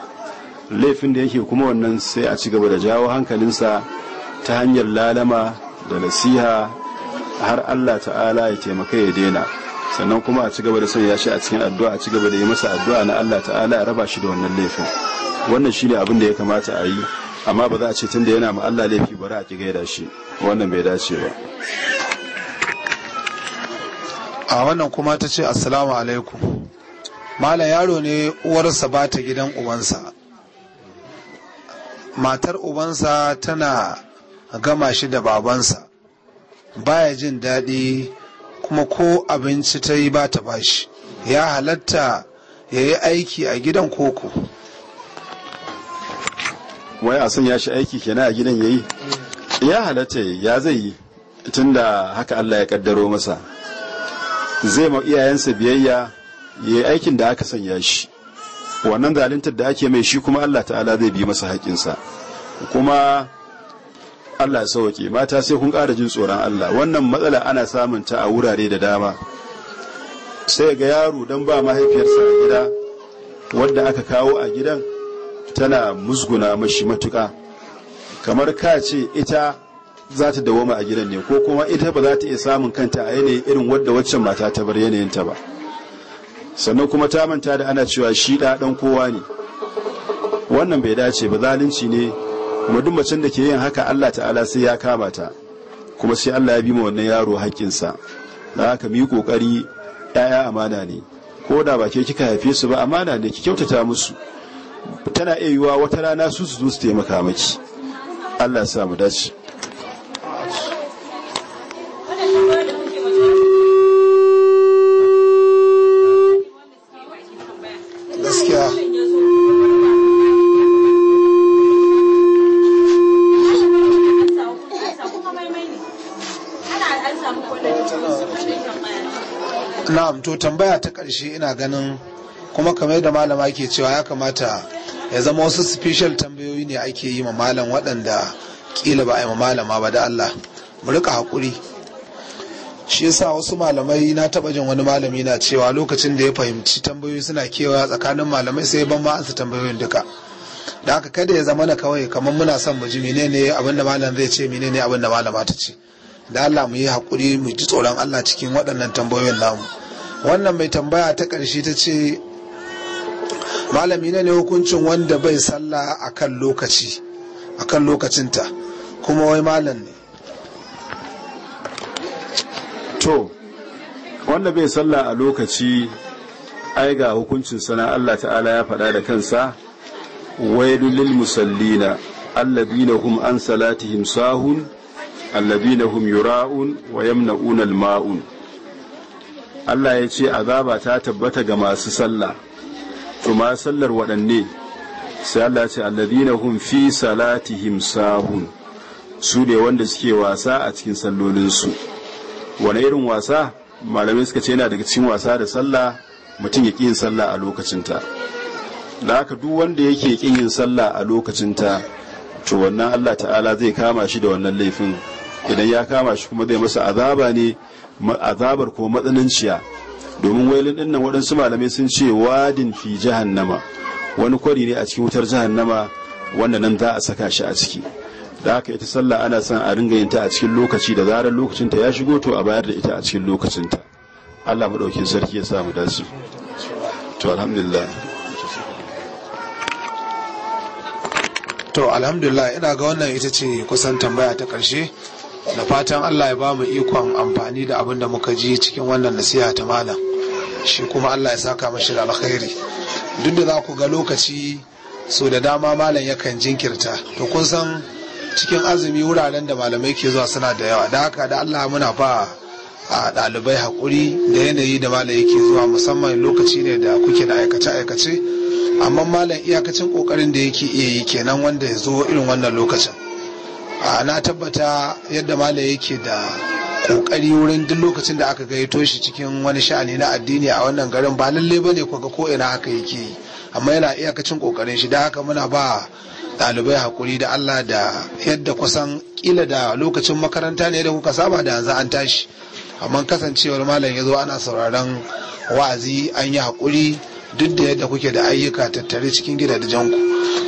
S2: laifin da yake kuma wannan sai a ci gaba da jawo hankalinsa ta hanyar lalama da nasiha har Allah ta'ala ya taimaka ya daina sannan kuma a ci gaba da sanya shi a cikin addu'a a ci da yi masa addu'a na Allah ta'ala a raba shi da wannan laifin wannan shine abin da ya kamata a yi amma ba za a ce tunda yana ma Allah laifi bari a ki gaida shi wannan bai dace ba
S1: a wannan kuma ta ce assalamu alaikum malam yaro ne uwarsa ba ta gidan ubansa matar ubansa tana gama shi da babansa baya jin daɗi kuma ko abinci ta yi ba ta bashi ya halatta ya yi aiki a gidan koko
S2: wai a ya shi aiki kenan a gidan ya yi mm. ya halatta ya zai yi da haka Allah ya kaddaro masa zai ma iyayensa biyayya ya yi aikin da aka sanya shi wannan zalintar da ake mai shi kuma Allah ta'ala zai bi masa haƙinsa kuma Allah ya sauke mata sai kun ƙara jin tsoron Allah wannan matsala ana samun ta a wurare da dama sai ga yaro dan ba mahaifiyarsa a gida wadda aka kawo a gidan tana musguna mashi matuƙa kamar ka ce ita za ta dawoma a gidan ne ko kuma ita ba za ta iya samun kanta a yanayin irin wadda waccan mata ta bar yanayin ta ba sannan kuma ta manta da ana cewa shi ɗa dan kowa ne wannan bai dace ba zalunci ne kuma duk macen da ke yin haka Allah ta'ala sai ya kama ta kuma sai Allah ya bi ma wannan yaro haƙƙinsa da haka mu yi ƙoƙari ɗaya amana ne ko da ba ke kika haife su ba amana ne ki kyautata musu tana iya yiwuwa wata rana su su zo su taimaka maki Allah ya sa mu dace
S1: to tambaya ta ƙarshe ina ganin kuma kamar yadda malama ke cewa ya kamata ya zama wasu special tambayoyi ne ake yi ma malam waɗanda ƙila ba a yi ma malama ba da Allah mu rika haƙuri shi yasa wasu malamai na taɓa jin wani malami na cewa lokacin da ya fahimci tambayoyi suna kewa tsakanin malamai sai ban ma ansa tambayoyin duka da haka kada ya zama na kawai kamar muna son mu ji menene abin da malam zai ce menene abin da malama ta ce da Allah mu yi haƙuri mu ji tsoron Allah cikin waɗannan tambayoyin namu wannan mai tambaya ta ƙarshe ta ce malami ne hukuncin wanda bai sallah akan lokaci akan lokacinta kuma wai malam ne
S2: to wanda bai sallah a lokaci ai ga hukuncin sana Allah ta'ala ya faɗa da kansa wailul lil musallina alladhina hum an salatihim sahun alladhina hum yura'un wa yamna'una al-ma'un Allah ya ce azaba ta tabbata ga masu sallah to ma sallar waɗanne sai Allah ya ce alladhina hum fi salatihim sahun su ne wanda suke wasa a cikin sallolinsu wani irin wasa malamai suka ce yana daga cikin wasa da sallah mutum ya yin sallah a lokacinta da haka duk wanda yake kin yin sallah a lokacinta to wannan Allah ta'ala zai kama shi da wannan laifin idan ya kama shi kuma zai masa azaba ne azabar ko matsananciya domin wailin din nan waɗansu malamai sun ce wadin fi jahannama wani kwari ne a cikin wutar jahannama wanda nan za a saka shi a ciki da haka ita sallah ana son a ringa yin ta a cikin lokaci da zarar lokacin ta ya shigo to a bayar da ita a cikin lokacin ta Allah madaukin sarki ya samu dace to alhamdulillah
S1: to alhamdulillah ina ga wannan ita ce kusan tambaya ta ƙarshe da fatan Allah ya ba mu ikon amfani da abin da muka ji cikin wannan nasiha ta malam shi kuma Allah ya saka mashi da alkhairi duk da za ku ga lokaci so da dama malam yakan jinkirta to kun san cikin azumi wuraren da malamai ke zuwa suna da yawa da haka da Allah muna ba a ɗalibai haƙuri da yanayi da malam yake zuwa musamman lokaci ne da kuke da aikace-aikace amma malam iyakacin ƙoƙarin da yake iya yi kenan wanda ya zo irin wannan lokacin a na tabbata yadda malam yake da kokari wurin duk lokacin da aka gaito shi cikin wani sha'ani na addini a wannan garin ba lalle bane ko ga ko ina haka yake amma yana iyakacin kokarin shi da haka muna ba ɗalibai hakuri da Allah da yadda kusan kila da lokacin makaranta ne da kuka saba da yanzu an tashi amma kasancewar malam ya zo ana sauraron wa'azi an yi hakuri duk da yadda kuke da ayyuka tattare cikin gidajenku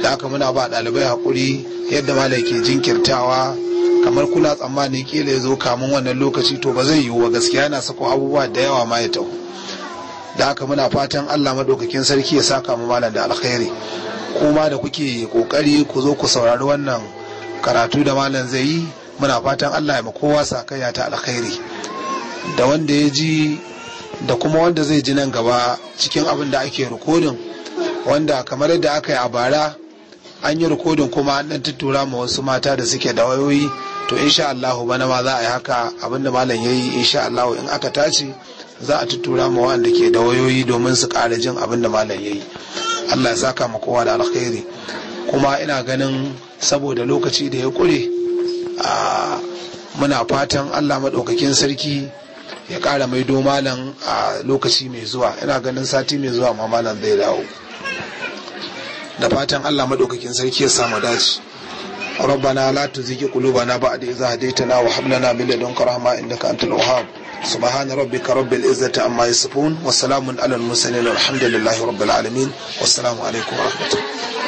S1: da aka muna ba ɗalibai haƙuri yadda malam ke jinkirtawa kamar kula tsammanin kila ya zo kamun wannan lokaci to ba zai yiwu gaskiya yana sako abubuwa da yawa ma ya taho da aka muna fatan allah maɗaukakin sarki ya saka mu malam da alkhairi kuma da kuke ƙoƙari ku zo ku saurari wannan karatu da malam zai yi muna fatan allah ya ma kowa sakaya ta alkhairi da wanda ya ji da kuma wanda zai ji nan gaba cikin abin da ake rikodin wanda kamar yadda aka yi a bara an yi rikodin kuma an ɗan tuttura ma wasu mata da suke da wayoyi to insha Allahu bana ma za a yi haka abin da malam yayi insha Allahu in aka tace za a tuttura ma wanda ke da wayoyi domin su ƙara jin abin da malam yayi Allah ya saka mu kowa da alkhairi kuma ina ganin saboda lokaci da ya kure ah, muna fatan Allah maɗaukakin sarki ya kara mai domalan a lokaci mai zuwa yana ganin sati mai zuwa ma mamalan zai dawo da fatan allah maɗaukakin sarki ya samu dace rabbana la tuzigi qulubana ba'da idh na wa hab lana min ka rahma innaka antal wahhab subhana rabbika rabbil izzati amma yasifun wa salamun alal mursalin alhamdulillahi rabbil alamin wassalamu alaikum wa rahmatullahi